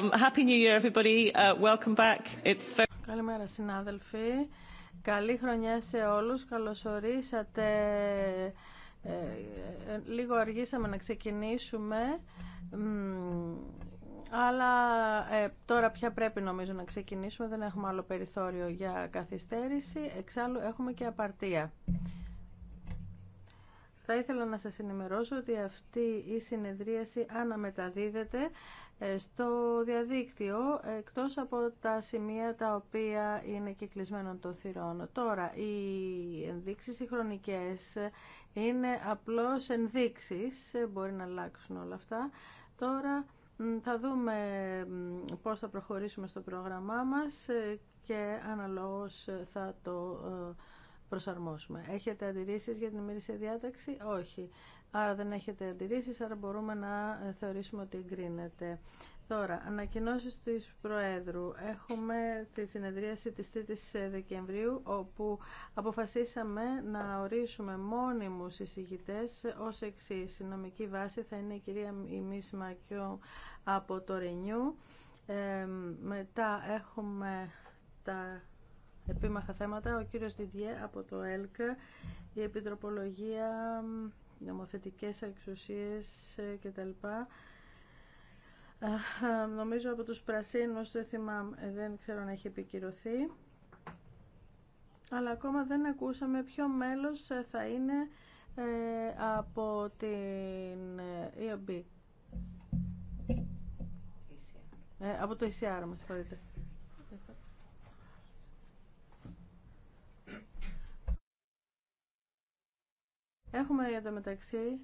Um, Happy New Year, everybody. Uh, welcome back. It's... Καλημέρα, συνάδελφοι. Καλή χρονιά σε όλους. Καλωσορίσατε. Ε, ε λίγο αργήσαμε να ξεκινήσουμε, αλλά ε, τώρα πια πρέπει νομίζω να ξεκινήσουμε. Δεν έχουμε άλλο περιθώριο για καθυστέρηση. Εξάλλου έχουμε και απαρτία. Θα ήθελα να σας ενημερώσω ότι αυτή η συνεδρίαση αναμεταδίδεται ε, στο διαδίκτυο εκτός από τα σημεία τα οποία είναι κυκλισμένα των θυρών. Τώρα, οι ενδείξεις οι χρονικές είναι απλώς ενδείξεις, μπορεί να αλλάξουν όλα αυτά. Τώρα θα δούμε πώς θα προχωρήσουμε στο πρόγραμμά μας και αναλόγως θα το ε, προσαρμόσουμε. Έχετε αντιρρήσεις για την ημερήσια διάταξη? Όχι. Άρα δεν έχετε αντιρρήσει, άρα μπορούμε να ε, θεωρήσουμε ότι εγκρίνεται. Τώρα, ανακοινώσει του Προέδρου. Έχουμε τη συνεδρίαση της 3 η ε, Δεκεμβρίου, όπου αποφασίσαμε να ορίσουμε μόνιμους εισηγητε ω εξη Η νομική βάση θα είναι η κυρία Μίση Μακιό από το Ρενιού. μετά έχουμε τα επίμαχα θέματα. Ο κύριος Διδιέ από το ΕΛΚ, η Επιτροπολογία νομοθετικές εξουσίες ε, λοιπά. Νομίζω από τους πρασίνους, δεν ε, δεν ξέρω αν έχει επικυρωθεί. Αλλά ακόμα δεν ακούσαμε ποιο μέλος ε, θα είναι από την EOB. από το ECR, με Έχουμε για το μεταξύ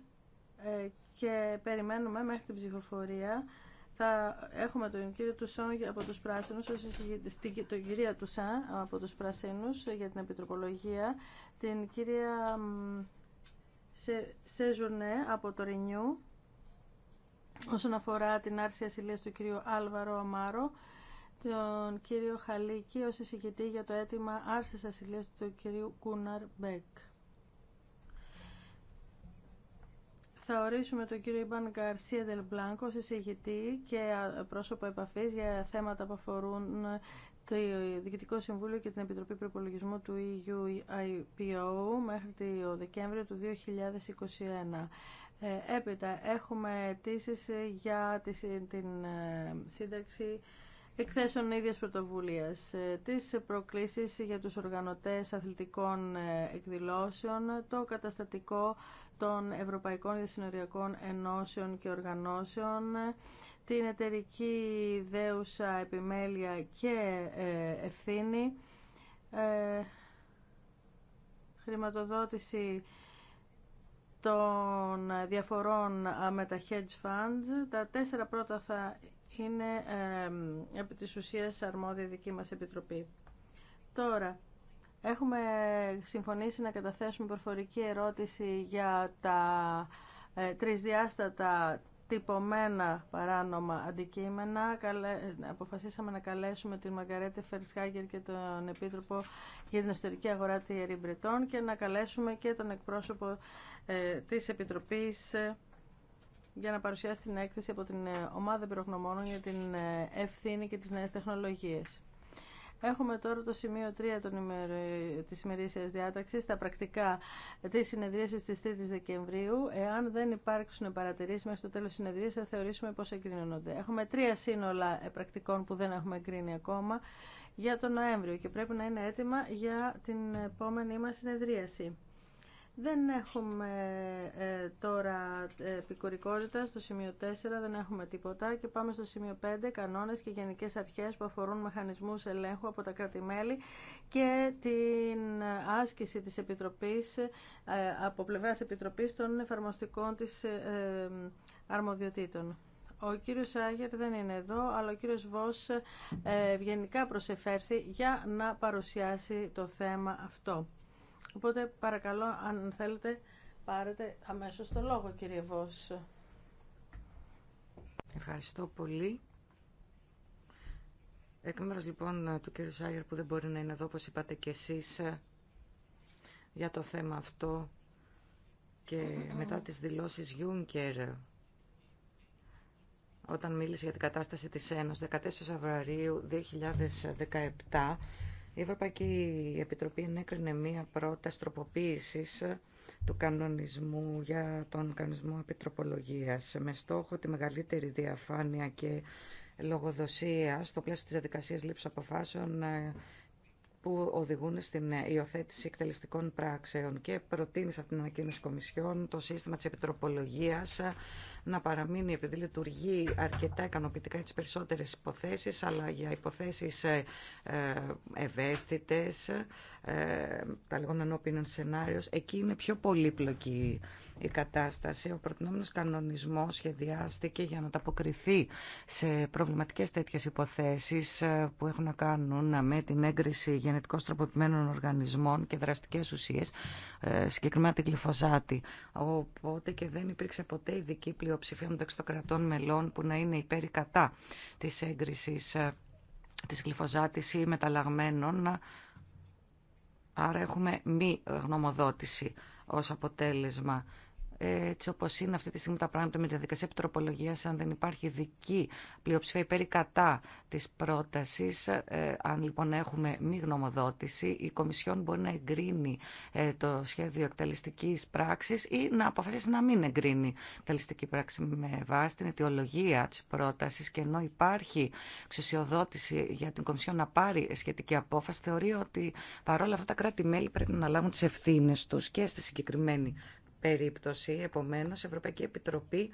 ε, και περιμένουμε μέχρι την ψηφοφορία θα έχουμε τον κύριο Τουσόν από τους Πράσινους, τον κυρία Τουσάν από τους Πράσινους ε, για την Επιτροπολογία, την κυρία Σε, από το Ρινιού, όσον αφορά την άρση ασυλίας του κυρίου Άλβαρο Αμάρο, τον κύριο Χαλίκη ως εισηγητή για το αίτημα άρσης ασυλίας του κυρίου Κούναρ Μπέκ. Θα ορίσουμε τον κύριο Ιμπάν Γκαρσία Δελμπλάνκο ως εισηγητή και πρόσωπο επαφής για θέματα που αφορούν ε, το Διοικητικό Συμβούλιο και την Επιτροπή Προπολογισμού του EU μέχρι το Δεκέμβριο του 2021. Ε, έπειτα έχουμε αιτήσει για την ε, σύνταξη εκθέσεων ίδιας πρωτοβουλίας, ε, τις προκλήσεις για τους οργανωτές αθλητικών ε, εκδηλώσεων, το καταστατικό των Ευρωπαϊκών Διασυνοριακών Ενώσεων και Οργανώσεων, την εταιρική δέουσα επιμέλεια και ε, ευθύνη, χρηματοδότηση των διαφορών με τα hedge funds. Τα τέσσερα πρώτα θα είναι ε, επί της ουσίας αρμόδια δική μας επιτροπή. Τώρα, έχουμε συμφωνήσει να καταθέσουμε προφορική ερώτηση για τα ε, τρισδιάστατα τυπωμένα παράνομα αντικείμενα. Αποφασίσαμε να καλέσουμε την Μαργαρέτη Φερσχάγκερ και τον Επίτροπο για την Εσωτερική Αγορά τη Ερή και να καλέσουμε και τον εκπρόσωπο ε, της Επιτροπής για να παρουσιάσει την έκθεση από την ε, ομάδα πυρογνωμόνων για την ε, ευθύνη και τις νέες τεχνολογίες. Έχουμε τώρα το σημείο 3 των ημερ... της ημερήσιας διάταξης, τα πρακτικά της συνεδρίασης της 3ης Δεκεμβρίου. Εάν δεν υπάρξουν παρατηρήσεις μέχρι το τέλος της συνεδρίας, θα θεωρήσουμε πως εγκρίνονται. Έχουμε τρία σύνολα ε, πρακτικών που δεν έχουμε εγκρίνει ακόμα για τον Νοέμβριο και πρέπει να είναι έτοιμα για την επόμενή μας συνεδρίαση. Δεν έχουμε ε, τώρα ε, επικουρικότητα στο σημείο 4, δεν έχουμε τίποτα και πάμε στο σημείο 5, κανόνες και γενικές αρχές που αφορούν μηχανισμούς ελέγχου από τα κράτη-μέλη και την άσκηση της Επιτροπής, ε, από πλευράς Επιτροπής των εφαρμοστικών της αρμοδιοτήτων. Ο κύριος Άγερ δεν είναι εδώ, αλλά ο κύριος Βος γενικά προσεφέρθη για να παρουσιάσει το θέμα αυτό. Οπότε παρακαλώ αν θέλετε πάρετε αμέσως το λόγο κύριε Βος. Ευχαριστώ πολύ. Εκ λοιπόν του κύριου Σάγερ που δεν μπορεί να είναι εδώ όπως είπατε και εσείς για το θέμα αυτό και μετά τις δηλώσεις Γιούνκερ όταν μίλησε για την κατάσταση της Ένωσης 14 Φεβρουαρίου 2017 η Ευρωπαϊκή Επιτροπή ενέκρινε μία πρόταση τροποποίησης του κανονισμού για τον κανονισμό επιτροπολογίας με στόχο τη μεγαλύτερη διαφάνεια και λογοδοσία στο πλαίσιο της διαδικασίας λήψης αποφάσεων ε, που οδηγούν στην υιοθέτηση εκτελεστικών πράξεων και προτείνει σε αυτήν την ανακοίνωση Κομισιόν το σύστημα της επιτροπολογίας να παραμείνει επειδή λειτουργεί αρκετά ικανοποιητικά τις περισσότερες υποθέσεις, αλλά για υποθέσεις ε, ε, ευαίσθητες, ε, τα λεγόμενα opinion σενάριο, εκεί είναι πιο πολύπλοκη η κατάσταση. Ο προτινόμενο κανονισμός σχεδιάστηκε για να ταποκριθεί σε προβληματικές τέτοιες υποθέσεις που έχουν να κάνουν με την έγκριση γενετικώς τροποποιημένων οργανισμών και δραστικές ουσίες, συγκεκριμένα την γλυφοζάτη. Οπότε και δεν υπήρξε ποτέ ειδική πλειοψηφία πλειοψηφία μεταξύ των κρατών μελών που να είναι υπέρ κατά της έγκρισης ε, της γλυφοζάτης ή μεταλλαγμένων. Άρα έχουμε μη γνωμοδότηση ως αποτέλεσμα έτσι όπω είναι αυτή τη στιγμή τα πράγματα με τη διαδικασία επιτροπολογία, αν δεν υπάρχει υπέρ ή κατά πλειοψηφία υπέρ ή κατά τη πρόταση, ε, αν λοιπόν έχουμε μη γνωμοδότηση, η Κομισιόν μπορεί να εγκρίνει ε, το σχέδιο εκτελεστική πράξη ή να αποφασίσει να μην εγκρίνει εκτελεστική πράξη με βάση την αιτιολογία τη πρόταση. Και ενώ υπάρχει εξουσιοδότηση για την Κομισιόν να πάρει σχετική απόφαση, θεωρεί ότι παρόλα αυτά τα κράτη-μέλη πρέπει να λάβουν τι ευθύνε του και στη συγκεκριμένη περίπτωση, επομένως, η Ευρωπαϊκή Επιτροπή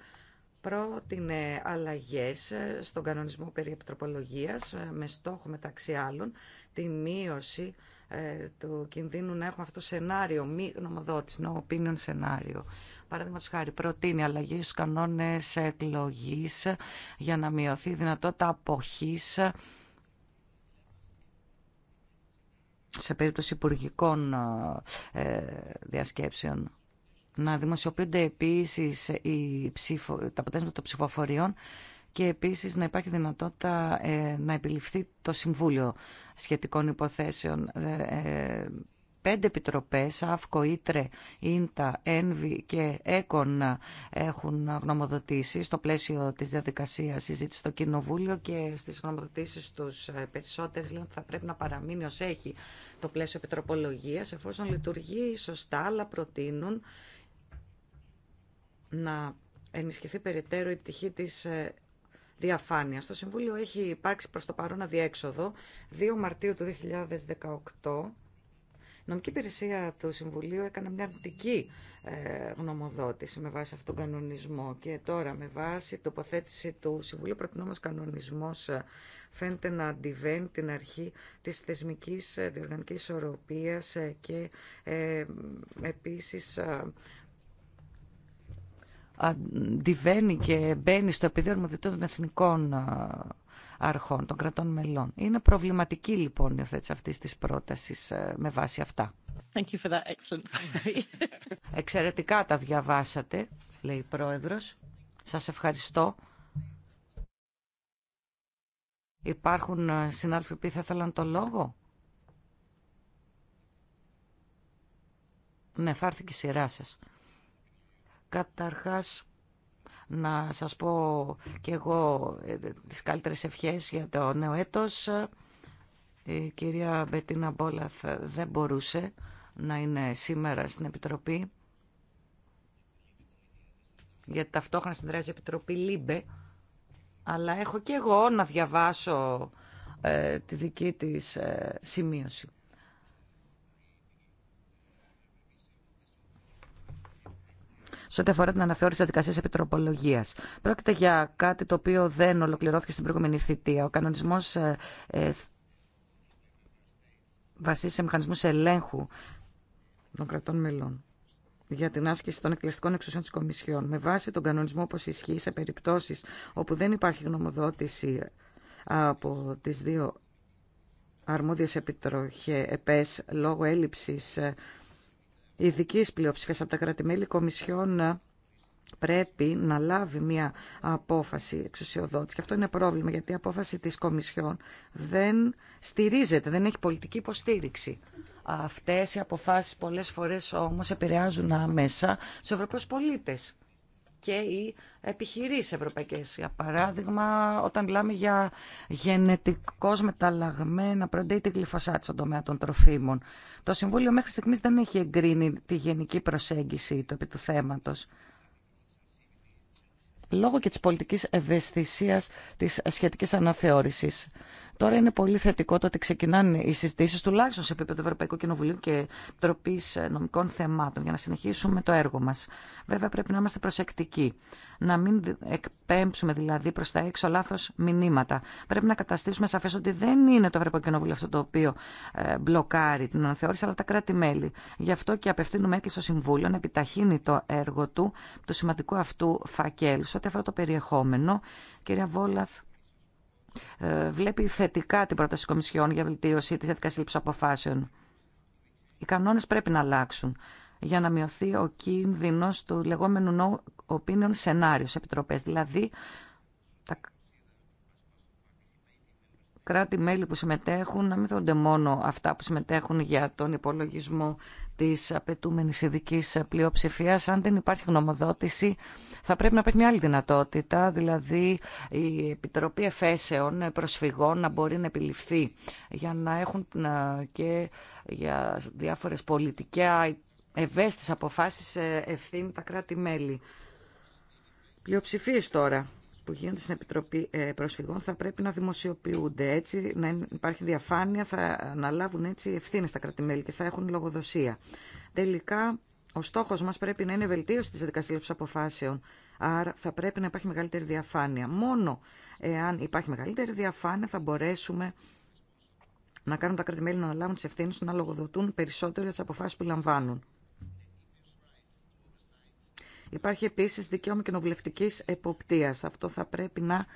πρότεινε αλλαγές στον κανονισμό περί επιτροπολογίας ε, με στόχο μεταξύ άλλων τη μείωση ε, του κινδύνου να έχουμε αυτό το σενάριο μη γνωμοδότηση, no opinion σενάριο. Παραδείγματο χάρη, προτείνει αλλαγή στου κανόνε εκλογή ε, για να μειωθεί η δυνατότητα αποχή σε περίπτωση υπουργικών διασκέψεων να δημοσιοποιούνται επίσης ψηφο, τα αποτέλεσματα των ψηφοφοριών και επίσης να υπάρχει δυνατότητα ε, να επιληφθεί το Συμβούλιο Σχετικών Υποθέσεων. Ε, ε, πέντε επιτροπές, ΑΦΚΟ, ΙΤΡΕ, ΙΝΤΑ, ΕΝΒΙ και ΕΚΟΝ έχουν γνωμοδοτήσει στο πλαίσιο της διαδικασίας συζήτηση στο Κοινοβούλιο και στις γνωμοδοτήσεις τους περισσότερες λένε ότι θα πρέπει να παραμείνει ως έχει το πλαίσιο επιτροπολογίας εφόσον λειτουργεί σωστά αλλά προτείνουν να ενισχυθεί περαιτέρω η πτυχή της ε, διαφάνειας. Το Συμβούλιο έχει υπάρξει προς το παρόν αδιέξοδο 2 Μαρτίου του 2018. Η νομική υπηρεσία του Συμβουλίου έκανε μια αρνητική ε, γνωμοδότηση με βάση αυτόν τον κανονισμό και τώρα με βάση τοποθέτηση του Συμβουλίου προτινόμενος κανονισμός ε, φαίνεται να αντιβαίνει την αρχή της θεσμικής διοργανικής ισορροπίας και ε, επίσης αντιβαίνει και μπαίνει στο πεδίο των εθνικών αρχών, των κρατών μελών. Είναι προβληματική λοιπόν η οθέτηση αυτής της πρότασης ε, με βάση αυτά. Thank you for that Εξαιρετικά τα διαβάσατε, λέει η Πρόεδρος. Σας ευχαριστώ. Υπάρχουν ε, συνάδελφοι που θα το λόγο. Ναι, θα έρθει και η σειρά σας. Καταρχάς, να σας πω και εγώ ε, τις καλύτερες ευχές για το νέο έτος. Η κυρία Μπετίνα Μπόλαθ δεν μπορούσε να είναι σήμερα στην Επιτροπή, γιατί ταυτόχρονα συνδράζει η Επιτροπή ΛΥΜΠΕ, αλλά έχω και εγώ να διαβάσω ε, τη δική της ε, σημείωση. σε ό,τι αφορά την αναθεώρηση διαδικασία επιτροπολογία. Πρόκειται για κάτι το οποίο δεν ολοκληρώθηκε στην προηγούμενη θητεία. Ο κανονισμό ε, ε, βασίζεται σε μηχανισμού ελέγχου των κρατών μελών για την άσκηση των εκκληστικών εξουσιών τη Κομισιόν. Με βάση τον κανονισμό όπω ισχύει σε περιπτώσει όπου δεν υπάρχει γνωμοδότηση από τι δύο αρμόδιες επιτροχές λόγω έλλειψης ε, ειδική πλειοψηφία από τα κράτη-μέλη, Κομισιόν ε, πρέπει να λάβει μια απόφαση εξουσιοδότηση. Και αυτό είναι πρόβλημα, γιατί η απόφαση της Κομισιόν δεν στηρίζεται, δεν έχει πολιτική υποστήριξη. Αυτές οι αποφάσεις πολλές φορές όμως επηρεάζουν άμεσα στους Ευρωπαίους πολίτες και οι επιχειρήσεις ευρωπαϊκές. Για παράδειγμα, όταν μιλάμε για γενετικώς μεταλλαγμένα προντέιτη γλυφοσάτη στον τομέα των τροφίμων, το Συμβούλιο μέχρι στιγμής δεν έχει εγκρίνει τη γενική προσέγγιση του επί του θέματος λόγω και της πολιτικής ευαισθησίας της σχετικής αναθεώρησης. Τώρα είναι πολύ θετικό το ότι ξεκινάνε οι συζητήσει, τουλάχιστον σε επίπεδο Ευρωπαϊκού Κοινοβουλίου και Επιτροπή Νομικών Θεμάτων, για να συνεχίσουμε το έργο μα. Βέβαια, πρέπει να είμαστε προσεκτικοί. Να μην εκπέμψουμε δηλαδή προ τα έξω λάθο μηνύματα. Πρέπει να καταστήσουμε σαφέ ότι δεν είναι το Ευρωπαϊκό Κοινοβούλιο αυτό το οποίο ε, μπλοκάρει την αναθεώρηση, αλλά τα κράτη-μέλη. Γι' αυτό και απευθύνουμε έκκληση στο Συμβούλιο να επιταχύνει το έργο του, το σημαντικό αυτού φακέλου, σε ό,τι αφορά το περιεχόμενο. Κυρία Βόλαθ, ε, βλέπει θετικά την πρόταση Κομισιόν για βελτίωση της θετικής λήψης αποφάσεων. Οι κανόνες πρέπει να αλλάξουν για να μειωθεί ο κίνδυνος του λεγόμενου no opinion σενάριο σε επιτροπές. Δηλαδή, τα κράτη-μέλη που συμμετέχουν να μην δονται μόνο αυτά που συμμετέχουν για τον υπολογισμό της απαιτούμενης ειδική πλειοψηφία. Αν δεν υπάρχει γνωμοδότηση, θα πρέπει να υπάρχει μια άλλη δυνατότητα, δηλαδή η Επιτροπή Εφέσεων Προσφυγών να μπορεί να επιληφθεί για να έχουν και για διάφορες πολιτικά ευαίσθητες αποφάσεις ε, ευθύνη τα κράτη-μέλη. Πλειοψηφίες τώρα που γίνονται στην Επιτροπή ε, Προσφυγών θα πρέπει να δημοσιοποιούνται. Έτσι, να υπάρχει διαφάνεια, θα αναλάβουν έτσι ευθύνε τα κρατημέλη και θα έχουν λογοδοσία. Τελικά, ο στόχο μα πρέπει να είναι βελτίωση τη διαδικασία αποφάσεων. Άρα, θα πρέπει να υπάρχει μεγαλύτερη διαφάνεια. Μόνο εάν υπάρχει μεγαλύτερη διαφάνεια, θα μπορέσουμε να κάνουν τα κρατημέλη να αναλάβουν τι ευθύνε του, να λογοδοτούν περισσότερε αποφάσει που λαμβάνουν. Υπάρχει επίση δικαίωμα κοινοβουλευτική εποπτείας. Αυτό θα πρέπει να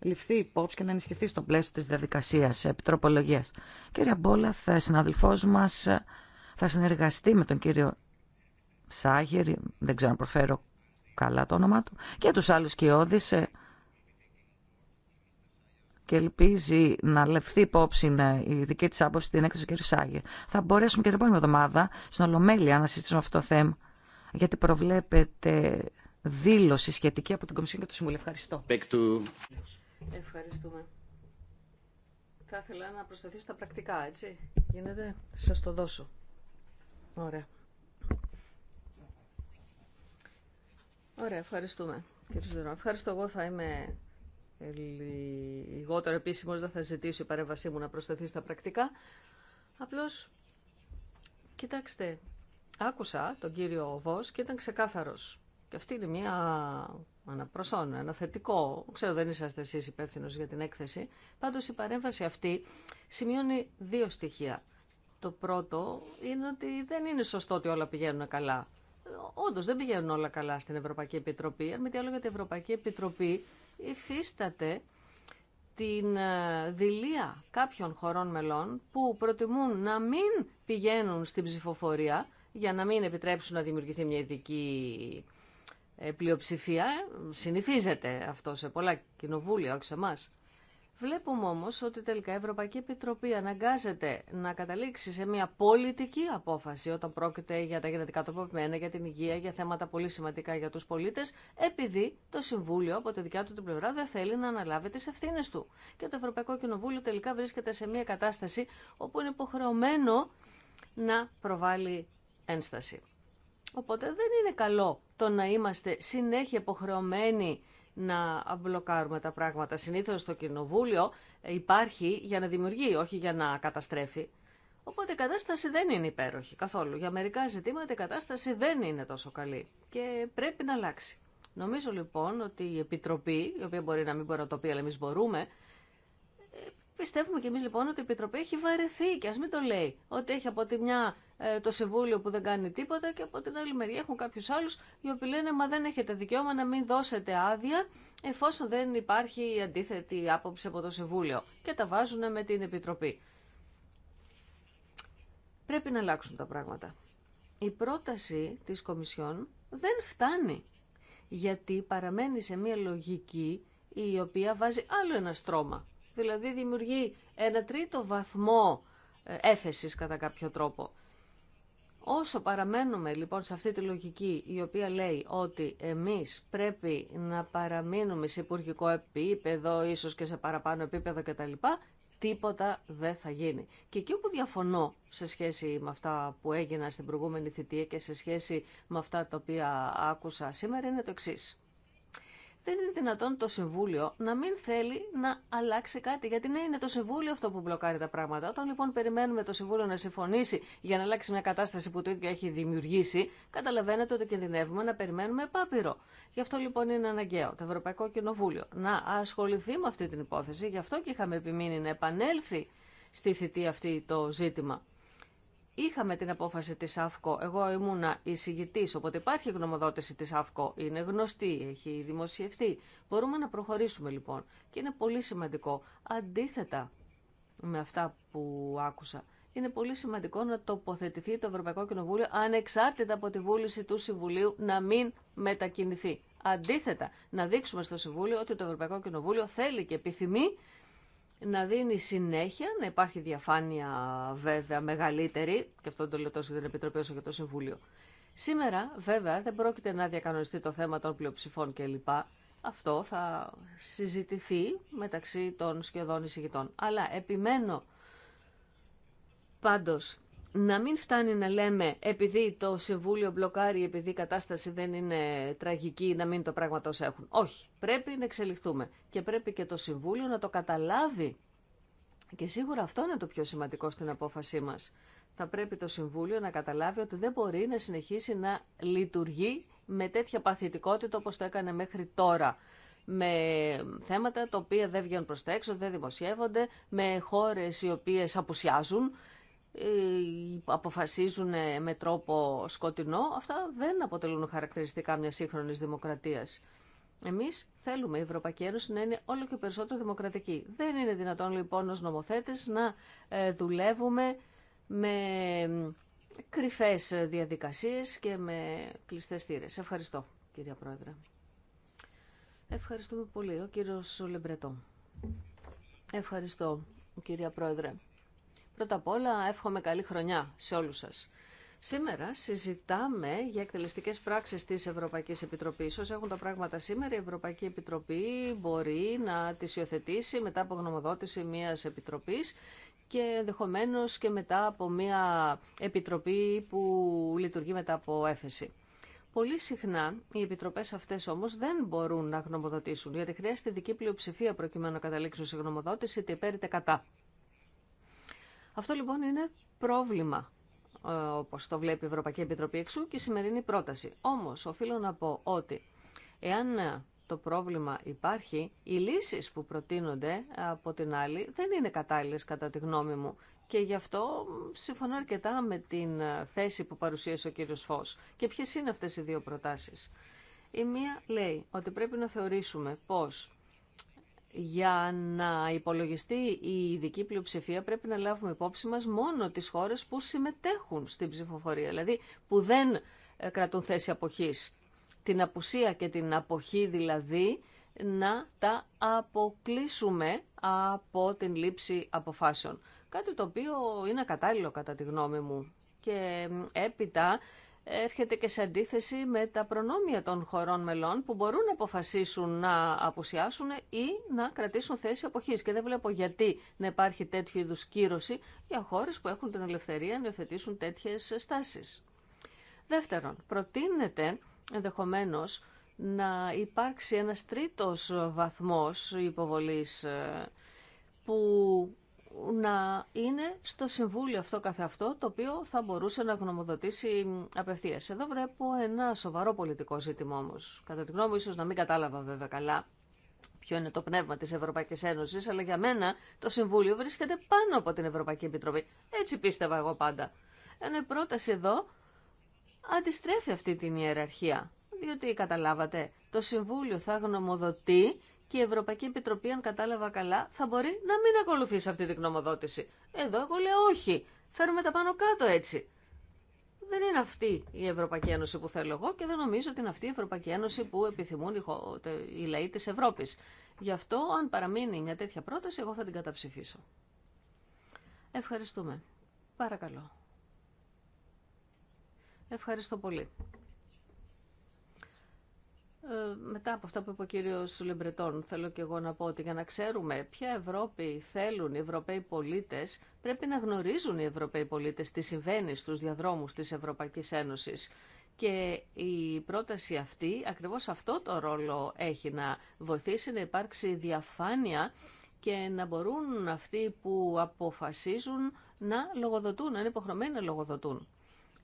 ληφθεί υπόψη και να ενισχυθεί στο πλαίσιο τη διαδικασία επιτροπολογίας. Κύριε Μπόλα, θα συναδελφός μας θα συνεργαστεί με τον κύριο Σάγερ, δεν ξέρω αν προφέρω καλά το όνομά του, και τους άλλους κοιόδης ε, και ελπίζει να λεφθεί υπόψη ε, η δική της άποψη την έκθεση του κύριου Σάγερ. Θα μπορέσουμε και την επόμενη εβδομάδα στην Ολομέλεια να συζητήσουμε αυτό το θέμα γιατί προβλέπεται δήλωση σχετική από την Κομισιόν και το Συμβούλιο. Ευχαριστώ. Ευχαριστούμε. Θα ήθελα να προσθεθεί στα πρακτικά, έτσι. Γίνεται. Σας το δώσω. Ωραία. Ωραία, ευχαριστούμε. ευχαριστώ. Εγώ θα είμαι λιγότερο επίσημος, δεν θα ζητήσω η παρέμβασή μου να προσθεθεί στα πρακτικά. Απλώς, κοιτάξτε, Άκουσα τον κύριο Βος και ήταν ξεκάθαρος. Και αυτή είναι μια αναπροσώνα, ένα θετικό. Ξέρω δεν είσαστε εσείς υπεύθυνο για την έκθεση. Πάντως η παρέμβαση αυτή σημειώνει δύο στοιχεία. Το πρώτο είναι ότι δεν είναι σωστό ότι όλα πηγαίνουν καλά. Όντω δεν πηγαίνουν όλα καλά στην Ευρωπαϊκή Επιτροπή. Αν με τι άλλο για την Ευρωπαϊκή Επιτροπή υφίσταται την ε, δηλία κάποιων χωρών μελών που προτιμούν να μην πηγαίνουν στην ψηφοφορία για να μην επιτρέψουν να δημιουργηθεί μια ειδική ε, πλειοψηφία. Συνηθίζεται αυτό σε πολλά κοινοβούλια, όχι σε εμά. Βλέπουμε όμω ότι τελικά η Ευρωπαϊκή Επιτροπή αναγκάζεται να καταλήξει σε μια πολιτική απόφαση όταν πρόκειται για τα γενετικά τροποποιημένα, για την υγεία, για θέματα πολύ σημαντικά για του πολίτε, επειδή το Συμβούλιο από τη δικιά του την πλευρά δεν θέλει να αναλάβει τι ευθύνε του. Και το Ευρωπαϊκό Κοινοβούλιο τελικά βρίσκεται σε μια κατάσταση όπου είναι υποχρεωμένο να προβάλλει ένσταση. Οπότε δεν είναι καλό το να είμαστε συνέχεια υποχρεωμένοι να μπλοκάρουμε τα πράγματα. Συνήθως το κοινοβούλιο υπάρχει για να δημιουργεί, όχι για να καταστρέφει. Οπότε η κατάσταση δεν είναι υπέροχη καθόλου. Για μερικά ζητήματα η κατάσταση δεν είναι τόσο καλή και πρέπει να αλλάξει. Νομίζω λοιπόν ότι η Επιτροπή, η οποία μπορεί να μην μπορεί να το πει, αλλά εμεί μπορούμε, ε, πιστεύουμε κι εμεί λοιπόν ότι η Επιτροπή έχει βαρεθεί και α μην το λέει. Ότι έχει από μια ε, το Συμβούλιο που δεν κάνει τίποτα και από την άλλη μεριά έχουν κάποιου άλλου οι οποίοι λένε Μα δεν έχετε δικαίωμα να μην δώσετε άδεια εφόσον δεν υπάρχει αντίθετη άποψη από το Συμβούλιο και τα βάζουν με την Επιτροπή. Πρέπει να αλλάξουν τα πράγματα. Η πρόταση της Κομισιόν δεν φτάνει γιατί παραμένει σε μια λογική η οποία βάζει άλλο ένα στρώμα. Δηλαδή δημιουργεί ένα τρίτο βαθμό ε, έφεσης κατά κάποιο τρόπο. Όσο παραμένουμε λοιπόν σε αυτή τη λογική η οποία λέει ότι εμείς πρέπει να παραμείνουμε σε υπουργικό επίπεδο, ίσως και σε παραπάνω επίπεδο κτλ, τίποτα δεν θα γίνει. Και εκεί όπου διαφωνώ σε σχέση με αυτά που έγιναν στην προηγούμενη θητεία και σε σχέση με αυτά τα οποία άκουσα σήμερα είναι το εξής δεν είναι δυνατόν το Συμβούλιο να μην θέλει να αλλάξει κάτι. Γιατί ναι, είναι το Συμβούλιο αυτό που μπλοκάρει τα πράγματα. Όταν λοιπόν περιμένουμε το Συμβούλιο να συμφωνήσει για να αλλάξει μια κατάσταση που το ίδιο έχει δημιουργήσει, καταλαβαίνετε ότι κινδυνεύουμε να περιμένουμε επάπειρο. Γι' αυτό λοιπόν είναι αναγκαίο το Ευρωπαϊκό Κοινοβούλιο να ασχοληθεί με αυτή την υπόθεση. Γι' αυτό και είχαμε επιμείνει να επανέλθει στη θητεία αυτή το ζήτημα. Είχαμε την απόφαση της ΑΦΚΟ, εγώ ήμουνα εισηγητής, οπότε υπάρχει γνωμοδότηση της ΑΦΚΟ, είναι γνωστή, έχει δημοσιευθεί. Μπορούμε να προχωρήσουμε λοιπόν και είναι πολύ σημαντικό. Αντίθετα με αυτά που άκουσα, είναι πολύ σημαντικό να τοποθετηθεί το Ευρωπαϊκό Κοινοβούλιο ανεξάρτητα από τη βούληση του Συμβουλίου να μην μετακινηθεί. Αντίθετα, να δείξουμε στο Συμβούλιο ότι το Ευρωπαϊκό Κοινοβούλιο θέλει και επιθυμεί να δίνει συνέχεια, να υπάρχει διαφάνεια βέβαια μεγαλύτερη, και αυτό το λέω τόσο για την Επιτροπή όσο και το Συμβούλιο. Σήμερα βέβαια δεν πρόκειται να διακανονιστεί το θέμα των πλειοψηφών κλπ. Αυτό θα συζητηθεί μεταξύ των σχεδόν εισηγητών. Αλλά επιμένω πάντως να μην φτάνει να λέμε επειδή το Συμβούλιο μπλοκάρει, επειδή η κατάσταση δεν είναι τραγική, να μην το πράγμα τόσο έχουν. Όχι, πρέπει να εξελιχθούμε και πρέπει και το Συμβούλιο να το καταλάβει. Και σίγουρα αυτό είναι το πιο σημαντικό στην απόφασή μας. Θα πρέπει το Συμβούλιο να καταλάβει ότι δεν μπορεί να συνεχίσει να λειτουργεί με τέτοια παθητικότητα όπως το έκανε μέχρι τώρα με θέματα τα οποία δεν βγαίνουν προς τα έξω, δεν δημοσιεύονται, με χώρες οι οποίες απουσιάζουν ε, αποφασίζουν ε, με τρόπο σκοτεινό, αυτά δεν αποτελούν χαρακτηριστικά μια σύγχρονη δημοκρατίας. Εμείς θέλουμε η Ευρωπαϊκή Ένωση να είναι όλο και περισσότερο δημοκρατική. Δεν είναι δυνατόν λοιπόν ω νομοθέτες να ε, δουλεύουμε με κρυφές διαδικασίες και με κλειστές θύρες. Ευχαριστώ κυρία Πρόεδρε. Ευχαριστούμε πολύ ο κύριο Λεμπρετό. Ευχαριστώ κυρία Πρόεδρε. Πρώτα απ' όλα εύχομαι καλή χρονιά σε όλου σα. Σήμερα συζητάμε για εκτελεστικέ πράξει τη Ευρωπαϊκή Επιτροπή. Όσο έχουν τα πράγματα σήμερα, η Ευρωπαϊκή Επιτροπή μπορεί να τι υιοθετήσει μετά από γνωμοδότηση μια επιτροπή και ενδεχομένω και μετά από μια επιτροπή που λειτουργεί μετά από έφεση. Πολύ συχνά οι επιτροπέ αυτέ όμω δεν μπορούν να γνωμοδοτήσουν, γιατί χρειάζεται δική πλειοψηφία προκειμένου να καταλήξουν σε γνωμοδότηση, είτε υπέρ είτε κατά. Αυτό λοιπόν είναι πρόβλημα ε, όπως το βλέπει η Ευρωπαϊκή Επιτροπή εξού και η σημερινή πρόταση. Όμως οφείλω να πω ότι εάν ε, το πρόβλημα υπάρχει, οι λύσεις που προτείνονται ε, από την άλλη δεν είναι κατάλληλες κατά τη γνώμη μου και γι' αυτό συμφωνώ αρκετά με την θέση που παρουσίασε ο κύριος Φως. Και ποιες είναι αυτές οι δύο προτάσεις. Η μία λέει ότι πρέπει να θεωρήσουμε πως για να υπολογιστεί η ειδική πλειοψηφία πρέπει να λάβουμε υπόψη μας μόνο τις χώρες που συμμετέχουν στην ψηφοφορία, δηλαδή που δεν ε, κρατούν θέση αποχής. Την απουσία και την αποχή δηλαδή να τα αποκλείσουμε από την λήψη αποφάσεων. Κάτι το οποίο είναι κατάλληλο κατά τη γνώμη μου. Και έπειτα έρχεται και σε αντίθεση με τα προνόμια των χωρών μελών που μπορούν να αποφασίσουν να απουσιάσουν ή να κρατήσουν θέση αποχής. Και δεν βλέπω γιατί να υπάρχει τέτοιου είδου κύρωση για χώρε που έχουν την ελευθερία να υιοθετήσουν τέτοιες στάσεις. Δεύτερον, προτείνεται ενδεχομένω να υπάρξει ένας τρίτος βαθμός υποβολής ε, που να είναι στο Συμβούλιο αυτό καθεαυτό, αυτό, το οποίο θα μπορούσε να γνωμοδοτήσει απευθείας. Εδώ βλέπω ένα σοβαρό πολιτικό ζήτημα όμως. Κατά τη γνώμη μου, ίσως να μην κατάλαβα βέβαια καλά ποιο είναι το πνεύμα της Ευρωπαϊκής Ένωσης, αλλά για μένα το Συμβούλιο βρίσκεται πάνω από την Ευρωπαϊκή Επιτροπή. Έτσι πίστευα εγώ πάντα. Ενώ η πρόταση εδώ αντιστρέφει αυτή την ιεραρχία. Διότι καταλάβατε, το Συμβούλιο θα γνωμοδοτεί και η Ευρωπαϊκή Επιτροπή, αν κατάλαβα καλά, θα μπορεί να μην ακολουθήσει αυτή την γνωμοδότηση. Εδώ εγώ λέω όχι. Φέρουμε τα πάνω κάτω έτσι. Δεν είναι αυτή η Ευρωπαϊκή Ένωση που θέλω εγώ και δεν νομίζω ότι είναι αυτή η Ευρωπαϊκή Ένωση που επιθυμούν οι, λαοί της Ευρώπης. Γι' αυτό, αν παραμείνει μια τέτοια πρόταση, εγώ θα την καταψηφίσω. Ευχαριστούμε. Παρακαλώ. Ευχαριστώ πολύ. Ε, μετά από αυτό που είπε ο κύριο Λεμπρετών, θέλω και εγώ να πω ότι για να ξέρουμε ποια Ευρώπη θέλουν οι Ευρωπαίοι πολίτες, πρέπει να γνωρίζουν οι Ευρωπαίοι πολίτες τι συμβαίνει στου διαδρόμου τη Ευρωπαϊκή Ένωση. Και η πρόταση αυτή, ακριβώς αυτό το ρόλο έχει να βοηθήσει να υπάρξει διαφάνεια και να μπορούν αυτοί που αποφασίζουν να λογοδοτούν, να είναι υποχρεωμένοι να λογοδοτούν.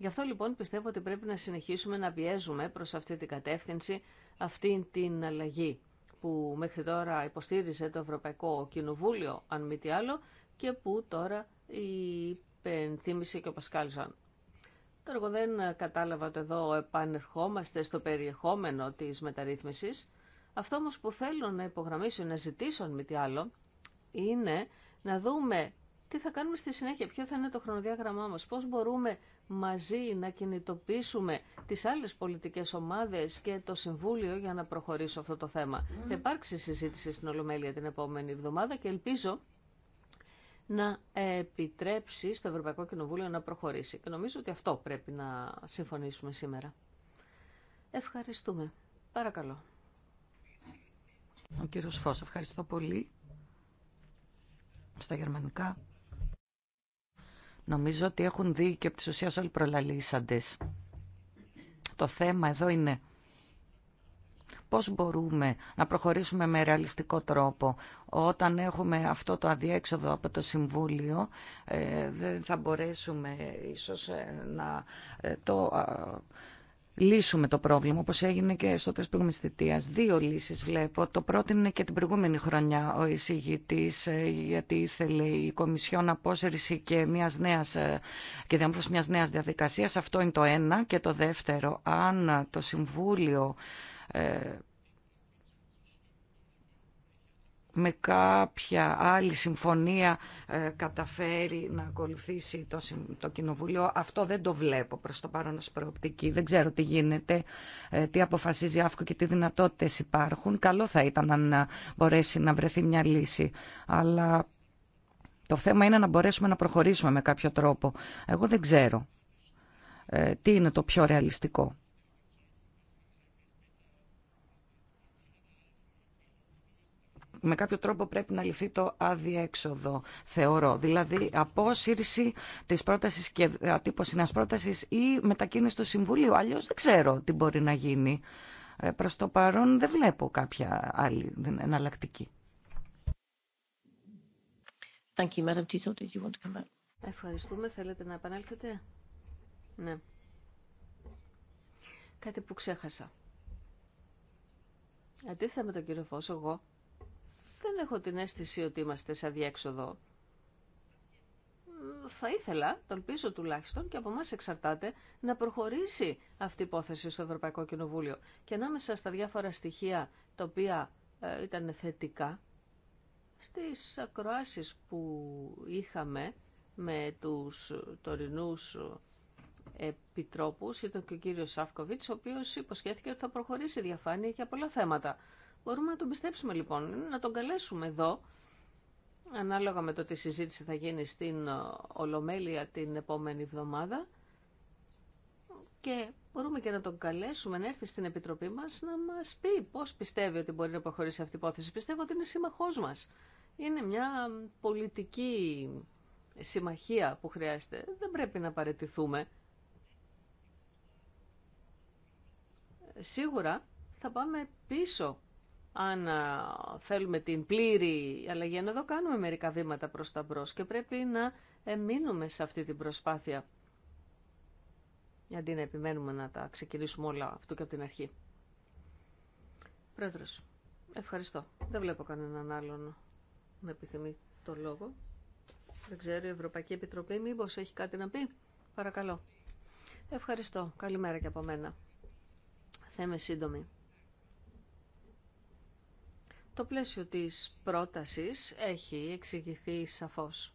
Γι' αυτό λοιπόν πιστεύω ότι πρέπει να συνεχίσουμε να πιέζουμε προς αυτή την κατεύθυνση, αυτή την αλλαγή που μέχρι τώρα υποστήριζε το Ευρωπαϊκό Κοινοβούλιο, αν μη τι άλλο, και που τώρα υπενθύμησε και ο Πασκάλζαν. Τώρα εγώ δεν κατάλαβα ότι εδώ επανερχόμαστε στο περιεχόμενο της μεταρρύθμισης. Αυτό όμως που θέλω να υπογραμμίσω, να ζητήσω αν μη τι άλλο, είναι να δούμε τι θα κάνουμε στη συνέχεια, ποιο θα είναι το χρονοδιάγραμμά μας, πώς μπορούμε μαζί να κινητοποιήσουμε τις άλλες πολιτικές ομάδες και το Συμβούλιο για να προχωρήσω αυτό το θέμα. Θα υπάρξει συζήτηση στην Ολομέλεια την επόμενη εβδομάδα και ελπίζω να επιτρέψει στο Ευρωπαϊκό Κοινοβούλιο να προχωρήσει. Και νομίζω ότι αυτό πρέπει να συμφωνήσουμε σήμερα. Ευχαριστούμε. Παρακαλώ. Ο κύριος Φως, ευχαριστώ πολύ. Στα γερμανικά Νομίζω ότι έχουν δει και από τις ουσίες όλοι προλαλήσαντες. Το θέμα εδώ είναι πώς μπορούμε να προχωρήσουμε με ρεαλιστικό τρόπο. Όταν έχουμε αυτό το αδιέξοδο από το Συμβούλιο, ε, δεν θα μπορέσουμε ίσως ε, να ε, το λύσουμε το πρόβλημα, όπως έγινε και στο τέλος προηγούμενης θητείας. Δύο λύσεις βλέπω. Το πρώτο είναι και την προηγούμενη χρονιά ο εισηγητής, ε, γιατί ήθελε η Κομισιόν απόσυρση και, μιας νέας, ε, και διαμόρφωση μιας νέας διαδικασίας. Αυτό είναι το ένα. Και το δεύτερο, αν το Συμβούλιο ε, με κάποια άλλη συμφωνία ε, καταφέρει να ακολουθήσει το, το Κοινοβουλίο. Αυτό δεν το βλέπω προς το παρόν ως προοπτική. Δεν ξέρω τι γίνεται, ε, τι αποφασίζει ΑΦΚΟ και τι δυνατότητες υπάρχουν. Καλό θα ήταν αν ε, μπορέσει να βρεθεί μια λύση. Αλλά το θέμα είναι να μπορέσουμε να προχωρήσουμε με κάποιο τρόπο. Εγώ δεν ξέρω τι είναι το πιο ρεαλιστικό. με κάποιο τρόπο πρέπει να λυθεί το έξοδο, θεωρώ. Δηλαδή, απόσυρση τη πρόταση και ατύπωση μια πρόταση ή μετακίνηση του Συμβουλίου. Αλλιώ δεν ξέρω τι μπορεί να γίνει. Ε, προς το παρόν δεν βλέπω κάποια άλλη εναλλακτική. Ευχαριστούμε. Θέλετε να επανέλθετε. Ναι. Κάτι που ξέχασα. Αντίθετα με τον κύριο Φως, εγώ δεν έχω την αίσθηση ότι είμαστε σε αδιέξοδο. Θα ήθελα, το ελπίζω τουλάχιστον και από εμά εξαρτάται, να προχωρήσει αυτή η υπόθεση στο Ευρωπαϊκό Κοινοβούλιο. Και ανάμεσα στα διάφορα στοιχεία τα οποία ε, ήταν θετικά, στις ακροάσεις που είχαμε με τους τωρινούς επιτρόπους ήταν και ο κύριος Σάφκοβιτς, ο οποίος υποσχέθηκε ότι θα προχωρήσει διαφάνεια για πολλά θέματα. Μπορούμε να τον πιστέψουμε λοιπόν, να τον καλέσουμε εδώ, ανάλογα με το τι συζήτηση θα γίνει στην ε, Ολομέλεια την επόμενη εβδομάδα και μπορούμε και να τον καλέσουμε να έρθει στην Επιτροπή μας να μας πει πώς πιστεύει ότι μπορεί να προχωρήσει αυτή η υπόθεση. Πιστεύω ότι είναι σύμμαχός μας. Είναι μια πολιτική συμμαχία που χρειάζεται. Δεν πρέπει να παρετηθούμε. Σίγουρα θα πάμε πίσω αν θέλουμε την πλήρη αλλαγή, εδώ κάνουμε μερικά βήματα προς τα μπρος και πρέπει να μείνουμε σε αυτή την προσπάθεια αντί να επιμένουμε να τα ξεκινήσουμε όλα αυτού και από την αρχή. Πρόεδρος, ευχαριστώ. Δεν βλέπω κανέναν άλλον να επιθυμεί το λόγο. Δεν ξέρω, η Ευρωπαϊκή Επιτροπή μήπως έχει κάτι να πει. Παρακαλώ. Ευχαριστώ. Καλημέρα και από μένα. Θα είμαι σύντομη. Το πλαίσιο της πρότασης έχει εξηγηθεί σαφώς.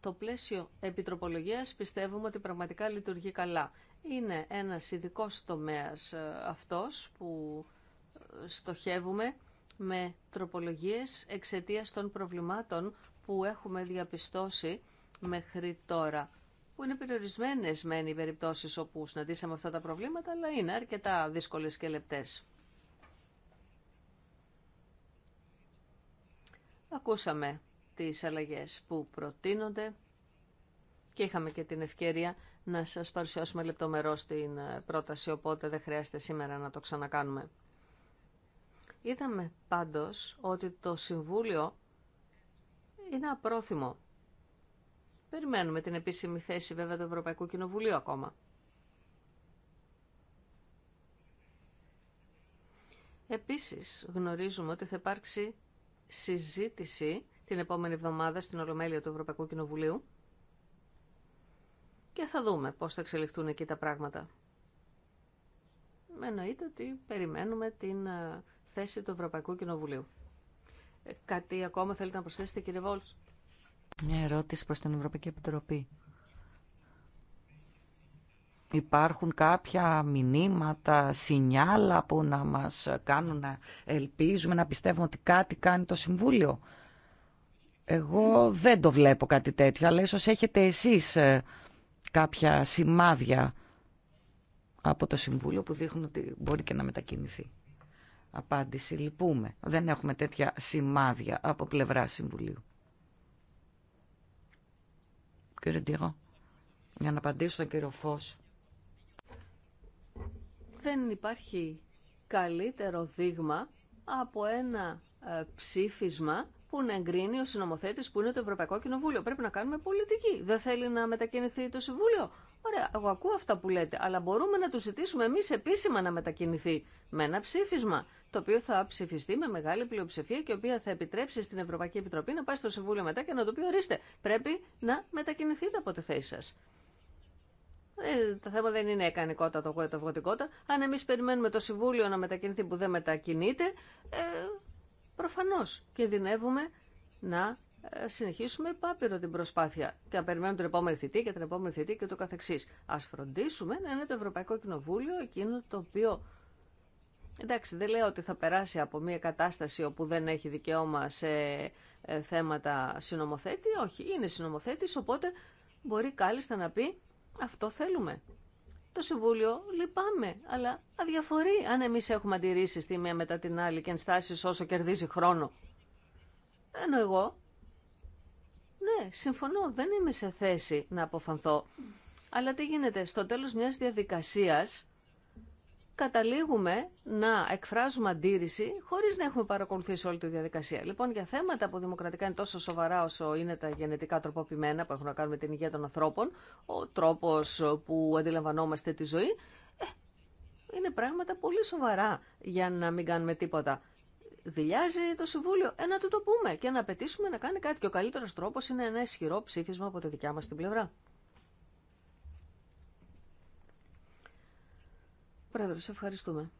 Το πλαίσιο επιτροπολογίας πιστεύουμε ότι πραγματικά λειτουργεί καλά. Είναι ένας ειδικό τομέας ε, αυτός που ε, στοχεύουμε με τροπολογίες εξαιτίας των προβλημάτων που έχουμε διαπιστώσει μέχρι τώρα. Που είναι περιορισμένες μεν οι περιπτώσεις όπου συναντήσαμε αυτά τα προβλήματα, αλλά είναι αρκετά δύσκολες και λεπτές. Ακούσαμε τις αλλαγές που προτείνονται και είχαμε και την ευκαιρία να σας παρουσιάσουμε λεπτομερώς την ε, πρόταση, οπότε δεν χρειάζεται σήμερα να το ξανακάνουμε. Είδαμε πάντως ότι το Συμβούλιο είναι απρόθυμο. Περιμένουμε την επίσημη θέση βέβαια του Ευρωπαϊκού Κοινοβουλίου ακόμα. Επίσης γνωρίζουμε ότι θα υπάρξει συζήτηση την επόμενη εβδομάδα στην Ολομέλεια του Ευρωπαϊκού Κοινοβουλίου και θα δούμε πώς θα εξελιχθούν εκεί τα πράγματα. Εννοείται ότι περιμένουμε την ε, θέση του Ευρωπαϊκού Κοινοβουλίου. Ε, κάτι ακόμα θέλετε να προσθέσετε κύριε Βόλτς. Μια ερώτηση προς την Ευρωπαϊκή Επιτροπή. Υπάρχουν κάποια μηνύματα, σινιάλα που να μας κάνουν να ελπίζουμε, να πιστεύουμε ότι κάτι κάνει το Συμβούλιο. Εγώ δεν το βλέπω κάτι τέτοιο, αλλά ίσως έχετε εσείς ε, κάποια σημάδια από το Συμβούλιο που δείχνουν ότι μπορεί και να μετακινηθεί. Απάντηση, λυπούμε. Δεν έχουμε τέτοια σημάδια από πλευρά Συμβουλίου. Κύριε Ντύρο, για να απαντήσω στον κύριο Φως, δεν υπάρχει καλύτερο δείγμα από ένα ε, ψήφισμα που να εγκρίνει ο συνομοθέτη που είναι το Ευρωπαϊκό Κοινοβούλιο. Πρέπει να κάνουμε πολιτική. Δεν θέλει να μετακινηθεί το Συμβούλιο. Ωραία, εγώ ακούω αυτά που λέτε, αλλά μπορούμε να του ζητήσουμε εμεί επίσημα να μετακινηθεί με ένα ψήφισμα, το οποίο θα ψηφιστεί με μεγάλη πλειοψηφία και η οποία θα επιτρέψει στην Ευρωπαϊκή Επιτροπή να πάει στο Συμβούλιο μετά και να το πει ορίστε. Πρέπει να μετακινηθείτε από τη θέση σα. Ε, το θέμα δεν είναι κανικότα το γοητευτικότα. Αν εμεί περιμένουμε το Συμβούλιο να μετακινηθεί που δεν μετακινείται, ε, προφανώ κινδυνεύουμε να ε, συνεχίσουμε πάπειρο την προσπάθεια και να περιμένουμε την επόμενη θητή και την επόμενη θητή και το καθεξής. Ας φροντίσουμε να είναι το Ευρωπαϊκό Κοινοβούλιο εκείνο το οποίο... Εντάξει, δεν λέω ότι θα περάσει από μια κατάσταση όπου δεν έχει δικαίωμα σε ε, θέματα συνομοθέτη. Όχι, είναι συνομοθέτης, οπότε μπορεί κάλλιστα να πει αυτό θέλουμε. Το Συμβούλιο λυπάμαι, αλλά αδιαφορεί αν εμεί έχουμε αντιρρήσει τη μία μετά την άλλη και ενστάσεις όσο κερδίζει χρόνο. Ενώ εγώ, ναι, συμφωνώ, δεν είμαι σε θέση να αποφανθώ. Αλλά τι γίνεται, στο τέλος μιας διαδικασίας καταλήγουμε να εκφράζουμε αντίρρηση χωρίς να έχουμε παρακολουθήσει όλη τη διαδικασία. Λοιπόν, για θέματα που δημοκρατικά είναι τόσο σοβαρά όσο είναι τα γενετικά τροποποιημένα που έχουν να κάνουν με την υγεία των ανθρώπων, ο τρόπος που αντιλαμβανόμαστε τη ζωή, ε, είναι πράγματα πολύ σοβαρά για να μην κάνουμε τίποτα. Δηλιάζει το Συμβούλιο. Ε, να του το πούμε και να απαιτήσουμε να κάνει κάτι. Και ο καλύτερος τρόπος είναι ένα ισχυρό ψήφισμα από τη δικιά μας την πλευρά. Πρόεδρος, ευχαριστούμε.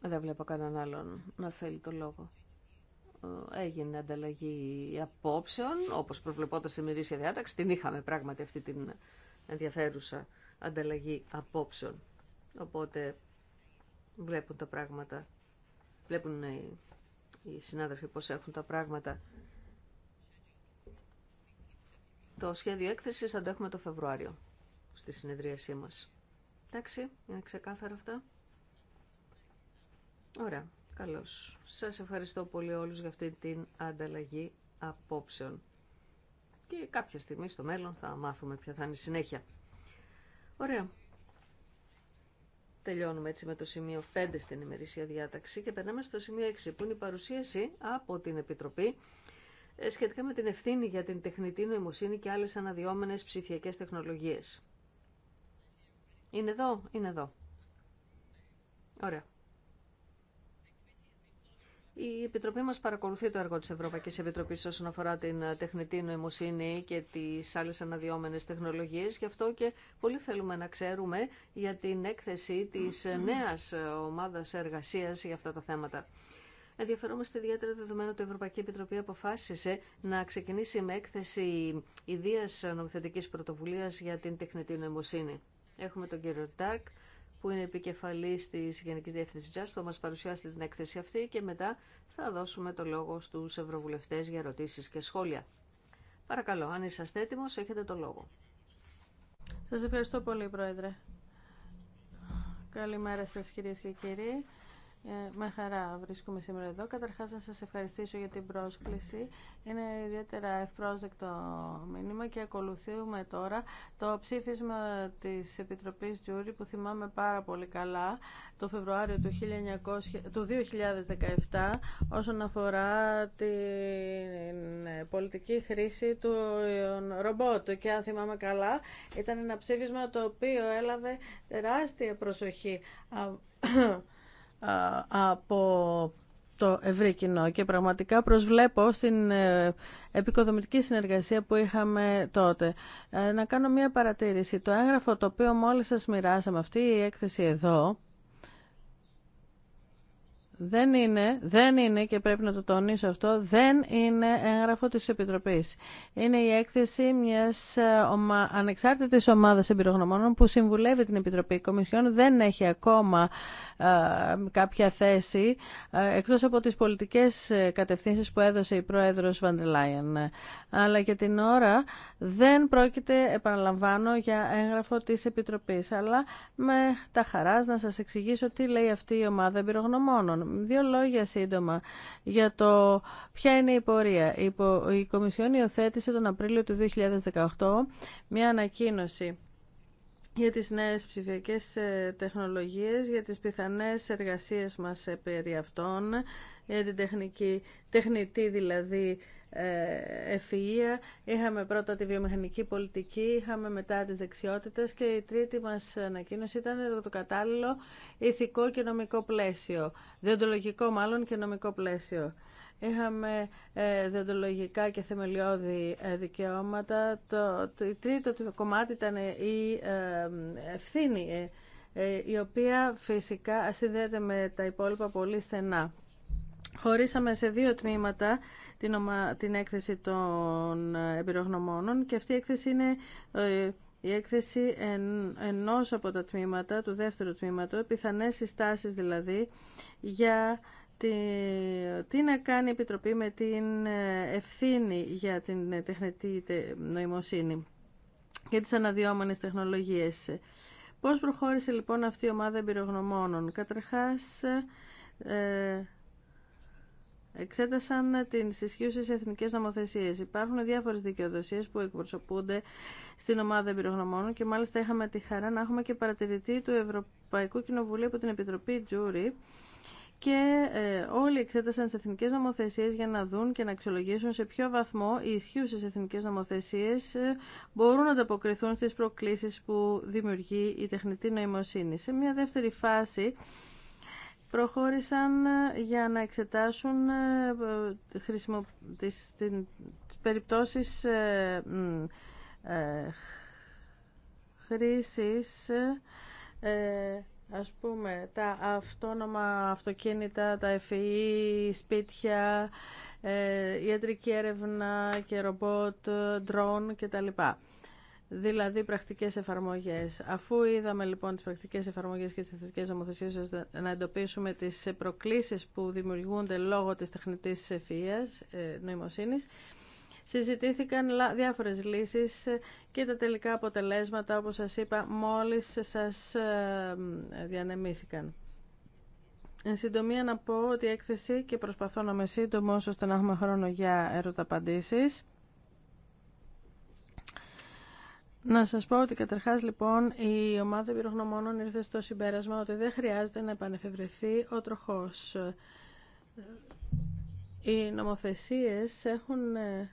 Δεν βλέπω κανέναν άλλον να θέλει το λόγο. Ε, Έγινε ανταλλαγή απόψεων, όπως προβλεπόταν σε μυρίσια διάταξη. Την είχαμε πράγματι αυτή την ενδιαφέρουσα ανταλλαγή απόψεων. Οπότε βλέπουν τα πράγματα, βλέπουν οι, οι συνάδελφοι πώς έχουν τα πράγματα. Το σχέδιο έκθεσης θα το έχουμε το Φεβρουάριο στη συνεδρίασή μας. Εντάξει, είναι ξεκάθαρα αυτά. Ωραία, καλώς. Σας ευχαριστώ πολύ όλους για αυτή την ανταλλαγή απόψεων. Και κάποια στιγμή στο μέλλον θα μάθουμε ποια θα είναι η συνέχεια. Ωραία. Τελειώνουμε έτσι με το σημείο 5 στην ημερήσια διάταξη και περνάμε στο σημείο 6 που είναι η παρουσίαση από την Επιτροπή ε, σχετικά με την ευθύνη για την τεχνητή νοημοσύνη και άλλες αναδυόμενες ψηφιακές τεχνολογίες. Είναι εδώ, είναι εδώ. Ωραία. Η Επιτροπή μας παρακολουθεί το έργο της Ευρωπαϊκής Επιτροπής όσον αφορά την ε, τεχνητή νοημοσύνη και τις άλλες αναδυόμενες τεχνολογίες. Γι' αυτό και πολύ θέλουμε να ξέρουμε για την έκθεση της ε, νέας ε, ομάδας εργασίας για αυτά τα θέματα. Ενδιαφερόμαστε ιδιαίτερα δεδομένου ότι η Ευρωπαϊκή Επιτροπή αποφάσισε να ξεκινήσει με έκθεση ιδίας νομοθετική πρωτοβουλίας για την τεχνητή νοημοσύνη. Έχουμε τον κύριο Τάρκ που είναι επικεφαλή τη Γενική Διεύθυνσης Just, που θα μας παρουσιάσει την έκθεση αυτή και μετά θα δώσουμε το λόγο στους ευρωβουλευτές για ερωτήσει και σχόλια. Παρακαλώ, αν είσαστε έτοιμο, έχετε το λόγο. Σα ευχαριστώ πολύ, Πρόεδρε. Καλημέρα σας, κυρίες και κύριοι. Ε, με χαρά βρίσκομαι σήμερα εδώ. Καταρχάς να σας ευχαριστήσω για την πρόσκληση. Είναι ιδιαίτερα ευπρόσδεκτο μήνυμα και ακολουθούμε τώρα το ψήφισμα της Επιτροπής Τζούρι που θυμάμαι πάρα πολύ καλά το Φεβρουάριο του, 1900, 2017 όσον αφορά την πολιτική χρήση του ρομπότ. Και αν θυμάμαι καλά ήταν ένα ψήφισμα το οποίο έλαβε τεράστια προσοχή από το ευρύ κοινό και πραγματικά προσβλέπω στην ε, επικοδομητική συνεργασία που είχαμε τότε. Ε, να κάνω μία παρατήρηση. Το έγγραφο το οποίο μόλις σας μοιράσαμε, αυτή η έκθεση εδώ, δεν είναι, δεν είναι και πρέπει να το τονίσω αυτό, δεν είναι έγγραφο της Επιτροπής. Είναι η έκθεση μιας ε, ομα... ανεξάρτητης ομάδας εμπειρογνωμόνων που συμβουλεύει την Επιτροπή. Η Κομισιόν δεν έχει ακόμα ε, κάποια θέση, ε, εκτός από τις πολιτικές κατευθύνσεις που έδωσε η Πρόεδρος Βαντελάιεν. Αλλά για την ώρα δεν πρόκειται, επαναλαμβάνω, για έγγραφο της Επιτροπής. Αλλά με τα χαράς να σας εξηγήσω τι λέει αυτή η ομάδα εμπειρογνωμόνων. Δύο λόγια σύντομα για το ποια είναι η πορεία. Η Κομισιόν υιοθέτησε τον Απρίλιο του 2018 μια ανακοίνωση για τις νέες ψηφιακές ε, τεχνολογίες, για τις πιθανές εργασίες μας περί αυτών, για την τεχνική, τεχνητή δηλαδή ευφυΐα, e e, είχαμε πρώτα τη βιομηχανική πολιτική, είχαμε μετά τις δεξιότητες και η τρίτη μας ανακοίνωση ήταν το κατάλληλο ηθικό και νομικό πλαίσιο, διοντολογικό μάλλον και νομικό πλαίσιο. Είχαμε ε, διοντολογικά και θεμελιώδη ε, δικαιώματα. Το, το, τρίτο το κομμάτι ήταν η ε, ευθύνη, ε, η οποία φυσικά συνδέεται με τα υπόλοιπα πολύ στενά. Χωρίσαμε σε δύο τμήματα την, έκθεση των ε, εμπειρογνωμόνων και αυτή η έκθεση είναι ε, η έκθεση εν... ενός από τα τμήματα, του δεύτερου τμήματο, πιθανές συστάσεις δηλαδή για τι, να κάνει η Επιτροπή με την ε, ευθύνη για την τεχνητή νοημοσύνη και τις αναδυόμενες τεχνολογίες. Πώς προχώρησε λοιπόν αυτή η ομάδα εμπειρογνωμόνων. Καταρχάς, εξέτασαν τι ισχύουσε εθνικέ νομοθεσίε. Υπάρχουν διάφορε δικαιοδοσίε που εκπροσωπούνται στην ομάδα εμπειρογνωμόνων και μάλιστα είχαμε τη χαρά να έχουμε και παρατηρητή του Ευρωπαϊκού Κοινοβουλίου από την Επιτροπή Τζούρι. Και ε, όλοι εξέτασαν τι εθνικέ νομοθεσίε για να δουν και να αξιολογήσουν σε ποιο βαθμό οι ισχύουσε εθνικέ νομοθεσίε ε, μπορούν να ανταποκριθούν στι προκλήσει που δημιουργεί η τεχνητή νοημοσύνη. Σε μια δεύτερη φάση, προχώρησαν ε, για να εξετάσουν ε, ε, τις περιπτώσεις χρήσης ας πούμε τα αυτόνομα αυτοκίνητα, τα FEE, e, σπίτια, ιατρική έρευνα και ρομπότ, ντρόν κτλ δηλαδή πρακτικές εφαρμογές. Αφού είδαμε λοιπόν τις πρακτικές εφαρμογές και τις εθνικές νομοθεσίες ώστε να εντοπίσουμε τις προκλήσεις που δημιουργούνται λόγω της τεχνητής ευφυΐας, ε, νοημοσύνης, συζητήθηκαν διάφορες λύσεις και τα τελικά αποτελέσματα, όπως σας είπα, μόλις σας ε, διανεμήθηκαν. Εν συντομία να πω ότι η έκθεση και προσπαθώ να είμαι σύντομο ώστε να έχουμε χρόνο για ερωταπαντήσεις Να σας πω ότι καταρχάς λοιπόν η ομάδα πυρογνωμόνων ήρθε στο συμπέρασμα ότι δεν χρειάζεται να επανεφευρεθεί ο τροχός. Οι νομοθεσίες έχουν ε,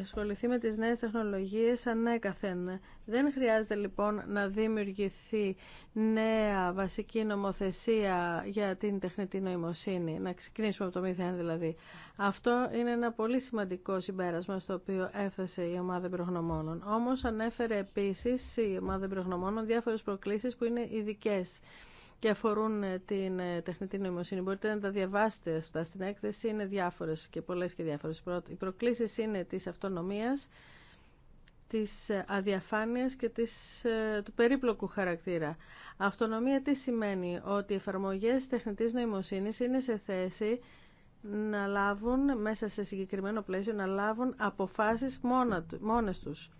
ασχοληθεί με τις νέες τεχνολογίες ανέκαθεν. Δεν χρειάζεται λοιπόν να δημιουργηθεί νέα βασική νομοθεσία για την τεχνητή νοημοσύνη, να ξεκινήσουμε από το μηδέν δηλαδή. Αυτό είναι ένα πολύ σημαντικό συμπέρασμα στο οποίο έφτασε η ομάδα προγνωμόνων. Όμως ανέφερε επίσης η ομάδα προγνωμόνων διάφορες προκλήσεις που είναι ειδικέ και αφορούν ε, την ε, τεχνητή νοημοσύνη. Μπορείτε να τα διαβάσετε αυτά στην έκθεση. Είναι διάφορες και πολλές και διάφορες. Οι προκλήσει είναι της αυτονομίας, της ε, αδιαφάνειας και της, του περίπλοκου χαρακτήρα. Αυτονομία τι σημαίνει? Ότι οι εφαρμογέ τεχνητή νοημοσύνης είναι σε θέση να λάβουν μέσα σε συγκεκριμένο πλαίσιο να λάβουν αποφάσεις μόνε μόνες τους.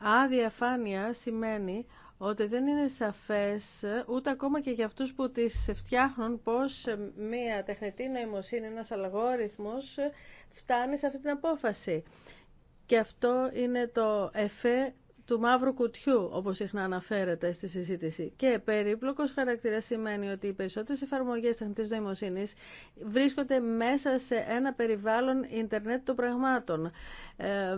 Αδιαφάνεια σημαίνει ότι δεν είναι σαφές ούτε ακόμα και για αυτούς που τις φτιάχνουν πως μια τεχνητή νοημοσύνη, ένας αλγόριθμος φτάνει σε αυτή την απόφαση. Και αυτό είναι το εφέ του μαύρου κουτιού, όπως συχνά αναφέρεται στη συζήτηση. Και περίπλοκος χαρακτήρα σημαίνει ότι οι περισσότερες εφαρμογές τεχνητής νοημοσύνης βρίσκονται μέσα σε ένα περιβάλλον ίντερνετ των πραγμάτων. Ε,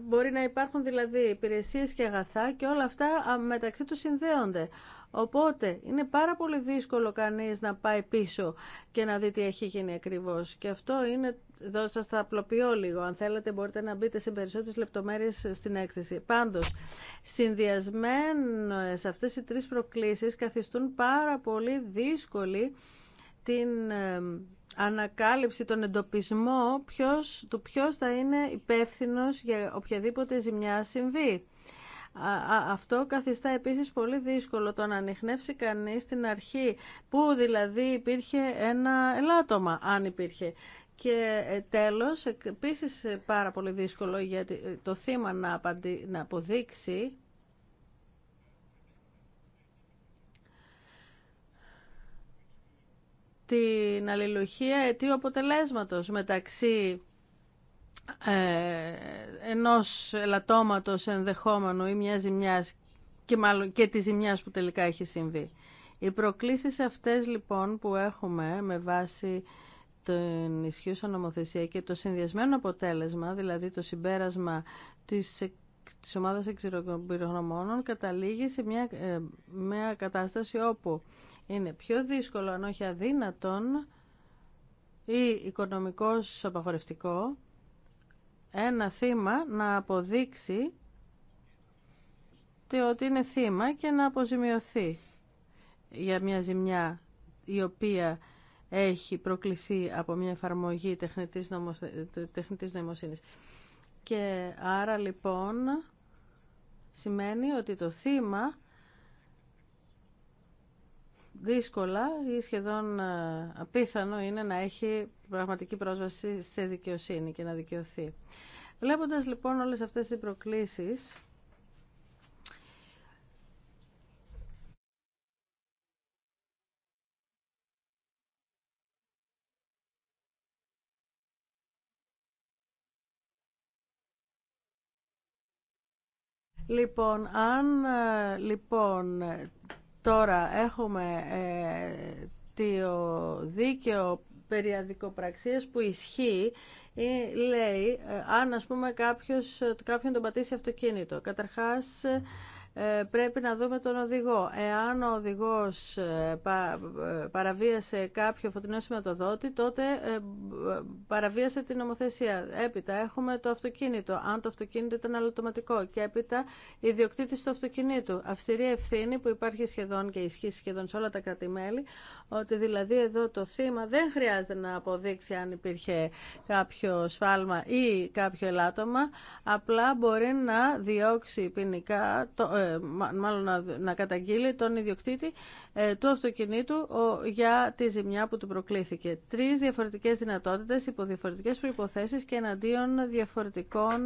μπορεί να υπάρχουν δηλαδή υπηρεσίες και αγαθά και όλα αυτά μεταξύ τους συνδέονται. Οπότε είναι πάρα πολύ δύσκολο κανείς να πάει πίσω και να δει τι έχει γίνει ακριβώς. Και αυτό είναι, εδώ σας τα απλοποιώ λίγο, αν θέλετε μπορείτε να μπείτε σε περισσότερες λεπτομέρειες στην έκθεση. Πάντως, συνδυασμένες αυτές οι τρεις προκλήσεις καθιστούν πάρα πολύ δύσκολη την ανακάλυψη, τον εντοπισμό ποιος, του ποιος θα είναι υπεύθυνος για οποιαδήποτε ζημιά συμβεί. Αυτό καθιστά επίσης πολύ δύσκολο το να ανοιχνεύσει κανείς στην αρχή που δηλαδή υπήρχε ένα ελάττωμα αν υπήρχε. Και ε, τέλος, επίσης πάρα πολύ δύσκολο για το θύμα να, να αποδείξει την αλληλουχία αιτίου αποτελέσματος μεταξύ ε, ενός ελαττώματος ενδεχόμενου ή μιας ζημιάς και, μάλλον, και της ζημιάς που τελικά έχει συμβεί. Οι προκλήσεις αυτές λοιπόν που έχουμε με βάση την ισχύουσα νομοθεσία και το συνδυασμένο αποτέλεσμα, δηλαδή το συμπέρασμα της της ομάδας καταλήγει σε μια, ε, μια κατάσταση όπου είναι πιο δύσκολο αν όχι αδύνατον ή οικονομικός απαγορευτικό ένα θύμα να αποδείξει ότι είναι θύμα και να αποζημιωθεί για μια ζημιά η οποία έχει προκληθεί από μια εφαρμογή τεχνητής, νοημοσύνης. Και άρα λοιπόν σημαίνει ότι το θύμα δύσκολα ή σχεδόν ε, απίθανο είναι να έχει πραγματική πρόσβαση σε δικαιοσύνη και να δικαιωθεί. Βλέποντας λοιπόν όλες αυτές τις προκλήσεις, Λοιπόν, αν ε, λοιπόν Τώρα έχουμε ε, το δίκαιο περί που ισχύει ή ε, λέει ε, αν ας πούμε κάποιος, ε, κάποιον τον πατήσει αυτοκίνητο. Καταρχάς ε, πρέπει να δούμε τον οδηγό. Εάν ο οδηγός ε, ε, παραβίασε κάποιο φωτεινό σηματοδότη, τότε παραβίασε την νομοθεσία. Έπειτα έχουμε το αυτοκίνητο. Αν το αυτοκίνητο ήταν αλλοτοματικό και έπειτα ιδιοκτήτης του αυτοκινήτου. Αυστηρή ευθύνη που υπάρχει σχεδόν και ισχύει σχεδόν σε όλα τα κρατημέλη ότι δηλαδή εδώ το θύμα δεν χρειάζεται να αποδείξει αν υπήρχε κάποιο σφάλμα ή κάποιο ελάττωμα, απλά μπορεί να διώξει ποινικά, το, ε, μάλλον να, να, καταγγείλει τον ιδιοκτήτη ε, του αυτοκινήτου για τη ζημιά που του προκλήθηκε. Τρεις διαφορετικές δυνατότητες υπό διαφορετικές προϋποθέσεις και εναντίον διαφορετικών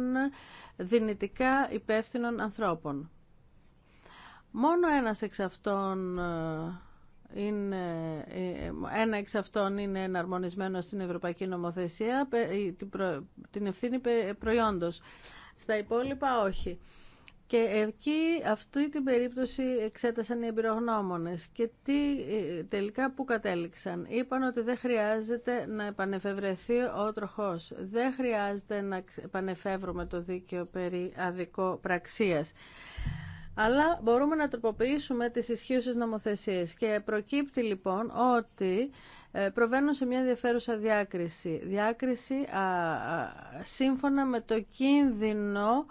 δυνητικά υπεύθυνων ανθρώπων. Μόνο ένας εξ αυτών ε, είναι, ε, ένα εξ αυτών είναι εναρμονισμένο στην Ευρωπαϊκή Νομοθεσία, την ευθύνη προϊόντος. Στα υπόλοιπα όχι. Και εκεί αυτή την περίπτωση εξέτασαν οι εμπειρογνώμονες και τι ε, τελικά που κατέληξαν. Είπαν ότι δεν χρειάζεται να επανεφευρεθεί ο τροχός. Δεν χρειάζεται να επανεφεύρουμε το δίκαιο περί αδικό πραξίας αλλά μπορούμε να τροποποιήσουμε τις ισχύουσε νομοθεσίες. Και προκύπτει λοιπόν ότι ε, προβαίνουν σε μια ενδιαφέρουσα διάκριση. Διάκριση σύμφωνα με το κίνδυνο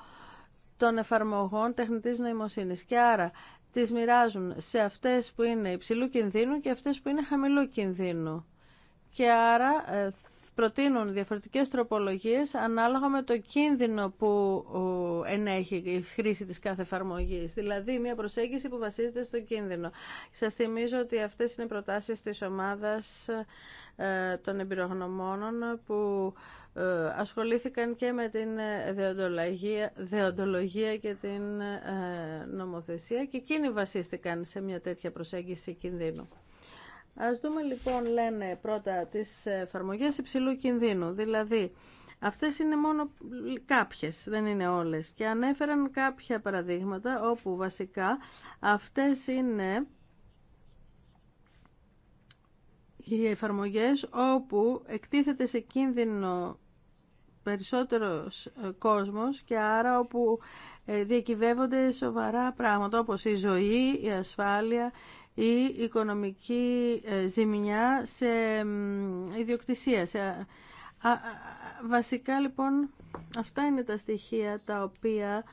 των εφαρμογών τεχνητής νοημοσύνης. Και άρα τις μοιράζουν σε αυτές που είναι υψηλού κινδύνου και αυτές που είναι χαμηλού κινδύνου. Και άρα ε, προτείνουν διαφορετικές τροπολογίες ανάλογα με το κίνδυνο που ενέχει η χρήση της κάθε εφαρμογή. δηλαδή μια προσέγγιση που βασίζεται στο κίνδυνο. Σας θυμίζω ότι αυτές είναι οι προτάσεις της ομάδας ε, των εμπειρογνωμόνων που ε, ασχολήθηκαν και με την δεοντολογία, δεοντολογία και την ε, νομοθεσία και εκείνοι βασίστηκαν σε μια τέτοια προσέγγιση κινδύνου. Ας δούμε λοιπόν, λένε πρώτα, τις εφαρμογέ υψηλού κινδύνου. Δηλαδή, αυτές είναι μόνο κάποιες, δεν είναι όλες. Και ανέφεραν κάποια παραδείγματα όπου βασικά αυτές είναι οι εφαρμογές όπου εκτίθεται σε κίνδυνο περισσότερος ε, κόσμος και άρα όπου ε, διακυβεύονται σοβαρά πράγματα όπως η ζωή, η ασφάλεια, ή οικονομική ε, ζημιά σε ιδιοκτησία. Σε... Βασικά λοιπόν αυτά είναι τα στοιχεία τα οποία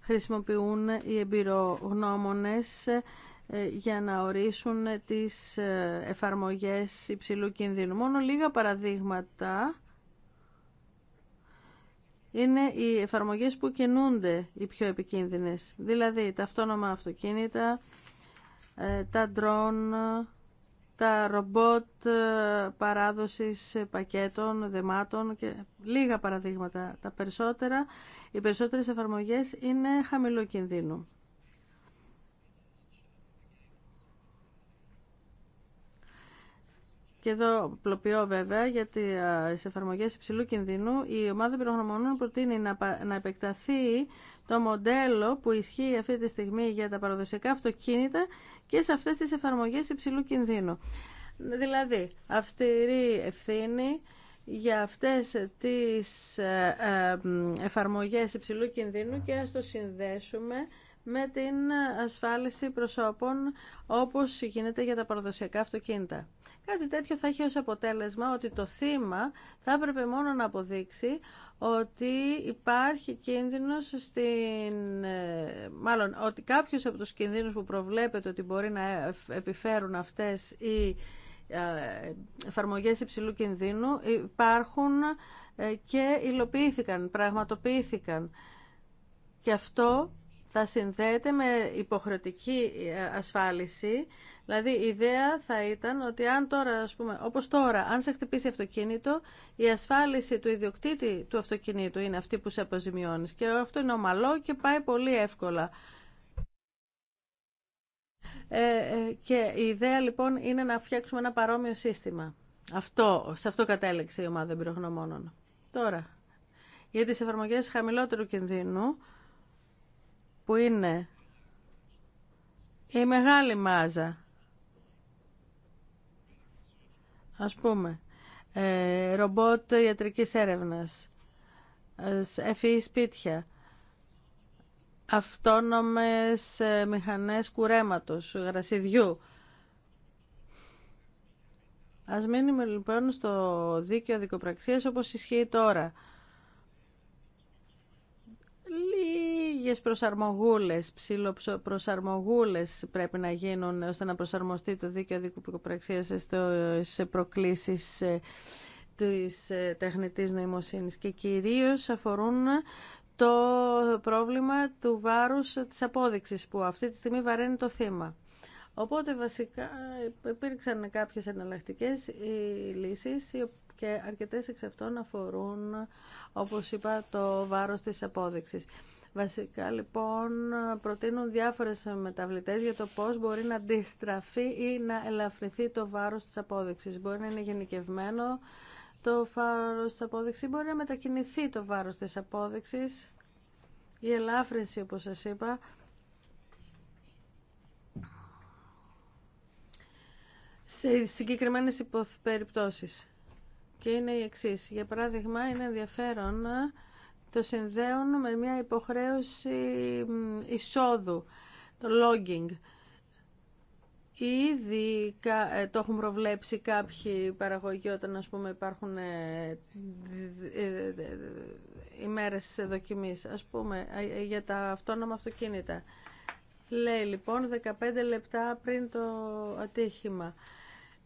χρησιμοποιούν οι εμπειρογνώμονες ε, για να ορίσουν τις ε, εφαρμογές υψηλού κινδύνου. Μόνο λίγα παραδείγματα είναι οι εφαρμογές που κινούνται οι πιο επικίνδυνες. Δηλαδή τα αυτόνομα αυτοκίνητα, τα ντρόν, τα ρομπότ ε, παράδοσης πακέτων, δεμάτων και λίγα παραδείγματα. Τα περισσότερα, οι περισσότερες εφαρμογές είναι χαμηλού κινδύνου. Και εδώ απλοποιώ βέβαια γιατί τι εφαρμογέ υψηλού κινδύνου. Η ομάδα πυρογνωμονών προτείνει να επεκταθεί το μοντέλο που ισχύει αυτή τη στιγμή για τα παραδοσιακά αυτοκίνητα και σε αυτές τις εφαρμογές υψηλού κινδύνου. Δηλαδή, αυστηρή ευθύνη για αυτές τις ε, ε, εφαρμογές υψηλού κινδύνου και ας το συνδέσουμε με την ασφάλιση προσώπων όπως γίνεται για τα παραδοσιακά αυτοκίνητα. Κάτι τέτοιο θα έχει ως αποτέλεσμα ότι το θύμα θα έπρεπε μόνο να αποδείξει ότι υπάρχει κίνδυνος στην... Ε, μάλλον ότι κάποιος από τους κινδύνους που προβλέπεται ότι μπορεί να ε, επιφέρουν αυτές οι ε, εφαρμογές υψηλού κινδύνου υπάρχουν και υλοποιήθηκαν, πραγματοποιήθηκαν. Και αυτό θα συνδέεται με υποχρεωτική ε, ασφάλιση. Δηλαδή η ιδέα θα ήταν ότι αν τώρα, ας πούμε, όπως τώρα, αν σε χτυπήσει αυτοκίνητο, η ασφάλιση του ιδιοκτήτη του αυτοκινήτου είναι αυτή που σε αποζημιώνει. Και αυτό είναι ομαλό και πάει πολύ εύκολα. Ε, ε, και η ιδέα λοιπόν είναι να φτιάξουμε ένα παρόμοιο σύστημα. Αυτό, σε αυτό κατέληξε η ομάδα εμπειρογνωμόνων. Τώρα, για τις εφαρμογές χαμηλότερου κινδύνου, που είναι η μεγάλη μάζα. Ας πούμε, ε, ρομπότ ιατρικής έρευνας, εφή e σπίτια, αυτόνομες ε, μηχανές κουρέματος, γρασιδιού. Ας μείνουμε λοιπόν στο δίκαιο δικοπραξίας όπως ισχύει τώρα. λίγες προσαρμογούλες, ψηλοπροσαρμογούλες πρέπει να γίνουν ώστε να προσαρμοστεί το δίκαιο δικοπραξίας σε προκλήσεις ε, της ε, τεχνητής νοημοσύνης και κυρίως αφορούν το πρόβλημα του βάρους της απόδειξης που αυτή τη στιγμή βαραίνει το θύμα. Οπότε βασικά υπήρξαν κάποιες εναλλακτικέ λύσεις και αρκετές εξ αυτών αφορούν, όπως είπα, το βάρος της απόδειξης. Βασικά λοιπόν προτείνουν διάφορες μεταβλητές για το πώς μπορεί να αντιστραφεί ή να ελαφρυνθεί το βάρος της απόδειξης. Μπορεί να είναι γενικευμένο το βάρος της απόδειξης, μπορεί να μετακινηθεί το βάρος της απόδειξης. Η ελάφρυνση όπως σας είπα σε συγκεκριμένες υποθ... περιπτώσεις. Και είναι η εξής. Για παράδειγμα, είναι ενδιαφέρον το συνδέουν με μια υποχρέωση εισόδου, το logging. Ήδη ε, το έχουν προβλέψει κάποιοι παραγωγοί όταν ας πούμε υπάρχουν ε, ημέρες δοκιμής, ας πούμε, ε, για τα αυτόνομα αυτοκίνητα. Λέει λοιπόν 15 λεπτά πριν το ατύχημα.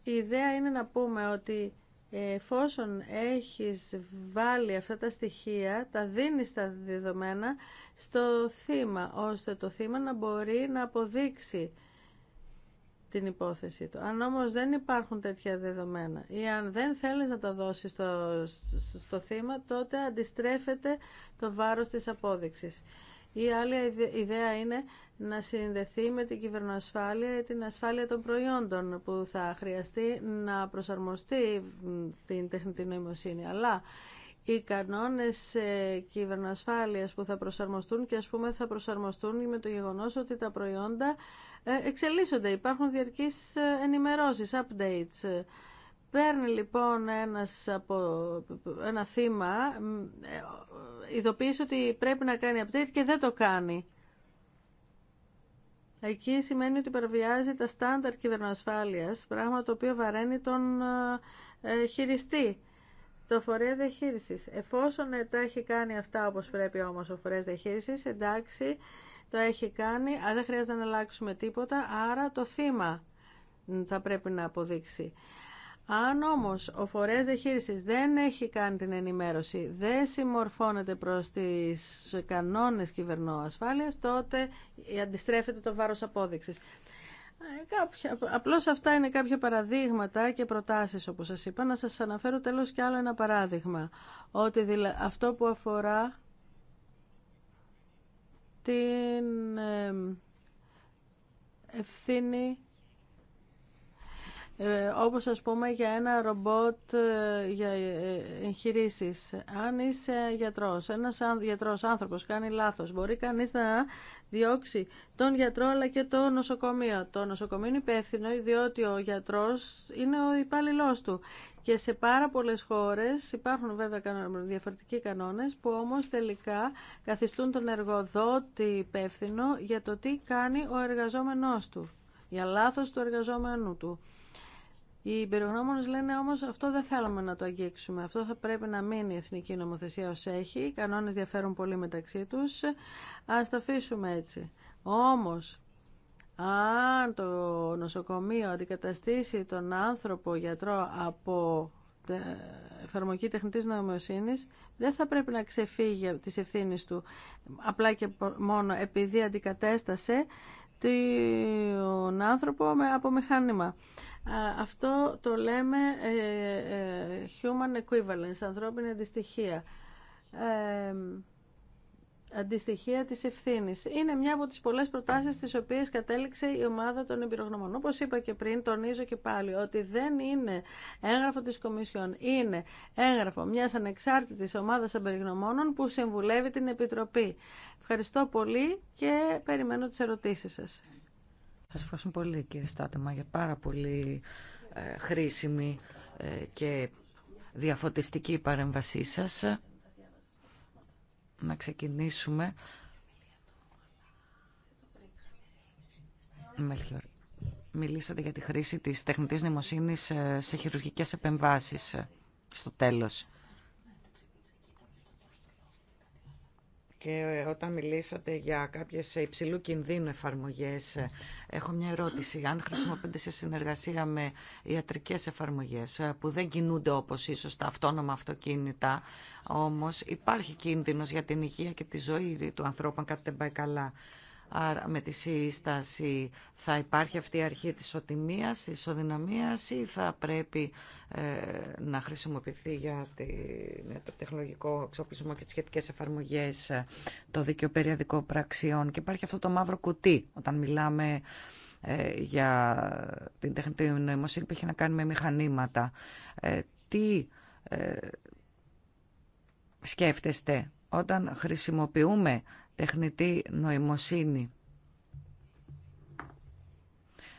Η ιδέα είναι να πούμε ότι εφόσον έχεις βάλει αυτά τα στοιχεία, τα δίνεις τα δεδομένα στο θύμα, ώστε το θύμα να μπορεί να αποδείξει την υπόθεση του. Αν όμως δεν υπάρχουν τέτοια δεδομένα ή αν δεν θέλεις να τα δώσεις στο, στο, θύμα, τότε αντιστρέφεται το βάρος της απόδειξης. Η άλλη ιδέα είναι να συνδεθεί με την κυβερνοασφάλεια ή την ασφάλεια των προϊόντων που θα χρειαστεί να προσαρμοστεί στην τεχνητή νοημοσύνη. Αλλά οι κανόνες ε, κυβερνοασφάλειας που θα προσαρμοστούν και ας πούμε θα προσαρμοστούν με το γεγονός ότι τα προϊόντα ε, εξελίσσονται. Υπάρχουν διαρκείς ε, ενημερώσεις, updates Παίρνει λοιπόν ένας από, ένα θύμα, ε, ειδοποιήσει ότι πρέπει να κάνει update και δεν το κάνει. Εκεί σημαίνει ότι παραβιάζει τα στάνταρ κυβερνοασφάλειας, πράγμα το οποίο βαραίνει τον ε, ε, χειριστή, το φορέα διαχείρισης. Εφόσον τα έχει κάνει αυτά όπως πρέπει όμως ο φορέας διαχείρισης, εντάξει, το έχει κάνει, αλλά δεν χρειάζεται να αλλάξουμε τίποτα, άρα το θύμα θα πρέπει να αποδείξει. Αν όμως ο φορέας διαχείρισης δεν έχει κάνει την ενημέρωση, δεν συμμορφώνεται προς τις κανόνες ασφάλειας, τότε αντιστρέφεται το βάρος απόδειξης. Ε, κάποια, απλώς αυτά είναι κάποια παραδείγματα και προτάσεις όπως σας είπα. Να σας αναφέρω τέλος κι άλλο ένα παράδειγμα. Ότι αυτό που αφορά την ε, ευθύνη ε, όπως ας πούμε για ένα ρομπότ ε, για ε, εγχειρήσεις. Αν είσαι γιατρός, ένας γιατρός άνθρωπος κάνει λάθος, μπορεί κανείς να διώξει τον γιατρό αλλά και το νοσοκομείο. Το νοσοκομείο είναι υπεύθυνο διότι ο γιατρός είναι ο υπάλληλό του. Και σε πάρα πολλές χώρες υπάρχουν βέβαια διαφορετικοί κανόνες που όμως τελικά καθιστούν τον εργοδότη υπεύθυνο για το τι κάνει ο εργαζόμενός του, για λάθος του εργαζόμενου του. Οι υπερογνώμονες λένε όμως αυτό δεν θέλουμε να το αγγίξουμε. Αυτό θα πρέπει να μείνει η εθνική νομοθεσία ω έχει. Οι κανόνες διαφέρουν πολύ μεταξύ τους. Α τα αφήσουμε έτσι. Όμω, αν το νοσοκομείο αντικαταστήσει τον άνθρωπο γιατρό από εφαρμογή τεχνητή νοημοσύνη, δεν θα πρέπει να ξεφύγει από τις ευθύνες του απλά και μόνο επειδή αντικατέστασε τον άνθρωπο από μηχάνημα. Αυτό το λέμε ε, ε, human equivalence, ανθρώπινη αντιστοιχεία. Ε, αντιστοιχεία της ευθύνης. Είναι μια από τις πολλές προτάσεις τις οποίες κατέληξε η ομάδα των εμπειρογνωμών. Όπως είπα και πριν, τονίζω και πάλι ότι δεν είναι έγγραφο της Κομισιόν. Είναι έγγραφο μιας ανεξάρτητης ομάδας εμπειρογνωμών που συμβουλεύει την Επιτροπή. Ευχαριστώ πολύ και περιμένω τις ερωτήσεις σας. Σας ευχαριστώ πολύ κύριε Στάτομα για πάρα πολύ ε, χρήσιμη ε, και διαφωτιστική παρέμβασή σας να ξεκινήσουμε. Μελχιόρ, μιλήσατε για τη χρήση της τεχνητής νοημοσύνης ε, σε χειρουργικές επεμβάσεις ε, στο τέλος. και όταν μιλήσατε για κάποιες υψηλού κινδύνου εφαρμογές, έχω μια ερώτηση. Αν χρησιμοποιούνται σε συνεργασία με ιατρικές εφαρμογές που δεν κινούνται όπως ίσως τα αυτόνομα αυτοκίνητα, όμως υπάρχει κίνδυνος για την υγεία και τη ζωή του ανθρώπου αν κάτι δεν πάει καλά. Άρα με τη σύσταση θα υπάρχει αυτή η αρχή της οτιμίας, της ισοδυναμίας ή θα πρέπει ε, να χρησιμοποιηθεί για τη, το τεχνολογικό εξοπλισμό και τις σχετικές εφαρμογές ε, το δίκαιο περιοδικό πραξιών. Και υπάρχει αυτό το μαύρο κουτί όταν μιλάμε ε, για την τεχνητή νοημοσύνη που έχει να κάνει με μηχανήματα. τι σκέφτεστε όταν χρησιμοποιούμε τεχνητή νοημοσύνη.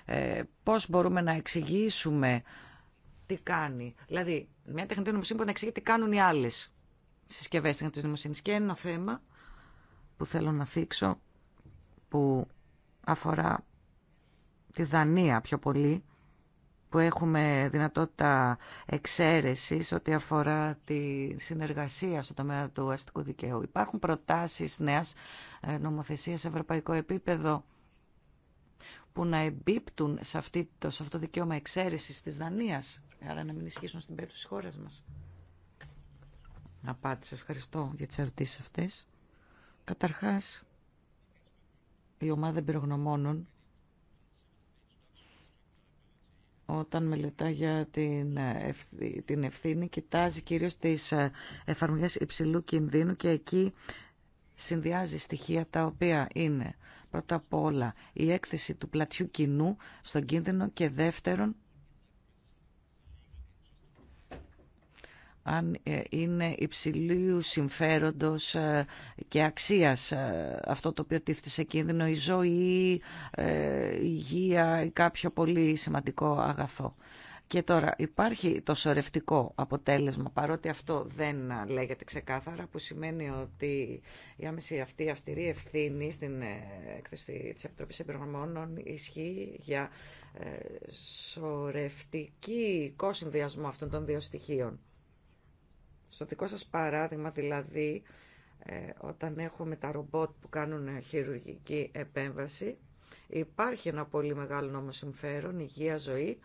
Ε, πώς μπορούμε να εξηγήσουμε τι κάνει. Δηλαδή, μια τεχνητή νοημοσύνη μπορεί να εξηγεί τι κάνουν οι άλλες συσκευές τεχνητής νοημοσύνης. Και ένα θέμα που θέλω να θίξω, που αφορά τη Δανία πιο πολύ, που έχουμε δυνατότητα εξαίρεσης ό,τι αφορά τη συνεργασία στο τομέα του αστικού δικαίου. Υπάρχουν προτάσεις νέας ε, νομοθεσίας σε ευρωπαϊκό επίπεδο που να εμπίπτουν σε, αυτή, το, σε αυτό το δικαίωμα εξαίρεσης της Δανίας, άρα να μην ισχύσουν στην περίπτωση της χώρας μας. Απάντησα. Ευχαριστώ για τις ερωτήσεις αυτές. Καταρχάς, η ομάδα εμπειρογνωμόνων όταν μελετά για ε, την ευθύνη κοιτάζει κυρίως τις ε, εφαρμογές υψηλού κινδύνου και εκεί συνδυάζει στοιχεία τα οποία είναι πρώτα απ' όλα η έκθεση του πλατιού κοινού στον κίνδυνο και δεύτερον αν ε, είναι υψηλού συμφέροντος ε, και αξίας ε, αυτό το οποίο τίθεται σε κίνδυνο, η ζωή, η υγεία ή κάποιο πολύ σημαντικό αγαθό. Και τώρα υπάρχει το σωρευτικό αποτέλεσμα, παρότι αυτό δεν λέγεται ξεκάθαρα, που σημαίνει ότι η άμεση αυτή αυστηρή ευθύνη στην έκθεση της Επιτροπής Επιγραμμών ισχύει για σωρευτική συνδυασμό αυτών των δύο στοιχείων. Στο δικό σας παράδειγμα δηλαδή, ε, όταν έχουμε τα ρομπότ που κάνουν ε, χειρουργική επέμβαση, υπάρχει ένα πολύ μεγάλο νόμο συμφέρον, υγεία, ζωή,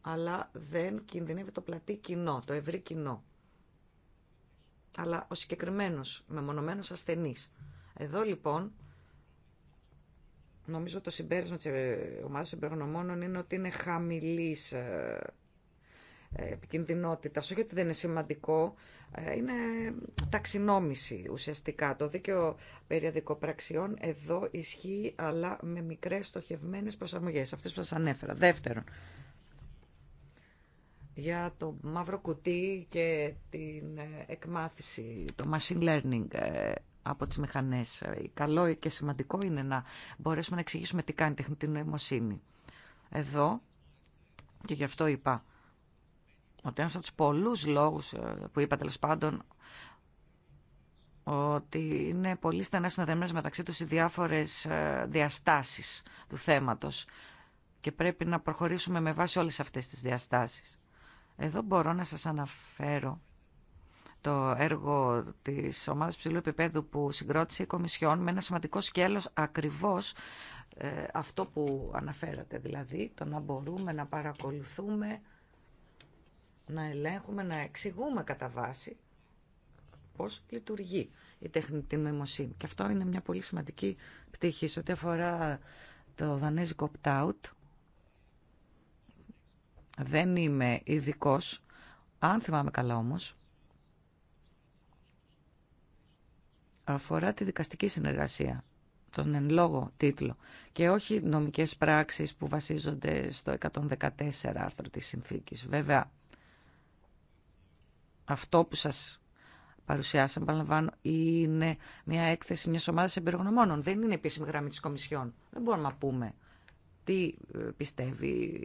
αλλά δεν κινδυνεύει το πλατή κοινό, το ευρύ κοινό. Αλλά ο συγκεκριμένος, μεμονωμένος ασθενής. Εδώ λοιπόν, νομίζω το συμπέρασμα της ε, ομάδας των είναι ότι είναι χαμηλής ε, επικινδυνότητας, όχι ότι δεν είναι σημαντικό, ε, είναι ταξινόμηση ουσιαστικά. Το δίκαιο περί αδικοπραξιών εδώ ισχύει, αλλά με μικρές στοχευμένες προσαρμογές, αυτές που σας ανέφερα. Δεύτερον, για το μαύρο κουτί και την ε, εκμάθηση, το machine learning από τις μηχανές. Καλό και σημαντικό είναι να μπορέσουμε να εξηγήσουμε τι κάνει η τεχνητή νοημοσύνη. Εδώ, και γι' αυτό είπα ότι ένας από τους πολλούς λόγους ε, που είπα τέλο πάντων ότι είναι πολύ στενά συνδεδεμένες μεταξύ τους οι διάφορες ε, διαστάσεις του θέματος και πρέπει να προχωρήσουμε με βάση όλες αυτές τις διαστάσεις. Εδώ μπορώ να σας αναφέρω το έργο της ομάδας ψηλού επίπεδου που συγκρότησε η Κομισιόν με ένα σημαντικό σκέλος ακριβώς ε, αυτό που αναφέρατε, δηλαδή το να μπορούμε να παρακολουθούμε να ελέγχουμε, να εξηγούμε κατά βάση πώς λειτουργεί η τεχνητή νοημοσύνη. Και αυτό είναι μια πολύ σημαντική πτυχή σε ό,τι αφορά το δανέζικο opt-out. Δεν είμαι ειδικό, αν θυμάμαι καλά όμως, αφορά τη δικαστική συνεργασία, τον εν λόγω τίτλο, και όχι νομικές πράξεις που βασίζονται στο 114 άρθρο της συνθήκης. Βέβαια, αυτό που σας παρουσιάσαμε, παραλαμβάνω, είναι μια έκθεση μιας ομάδας εμπειρογνωμόνων. Δεν είναι επίσημη γραμμή της Κομισιόν. Δεν μπορούμε να πούμε τι ε, πιστεύει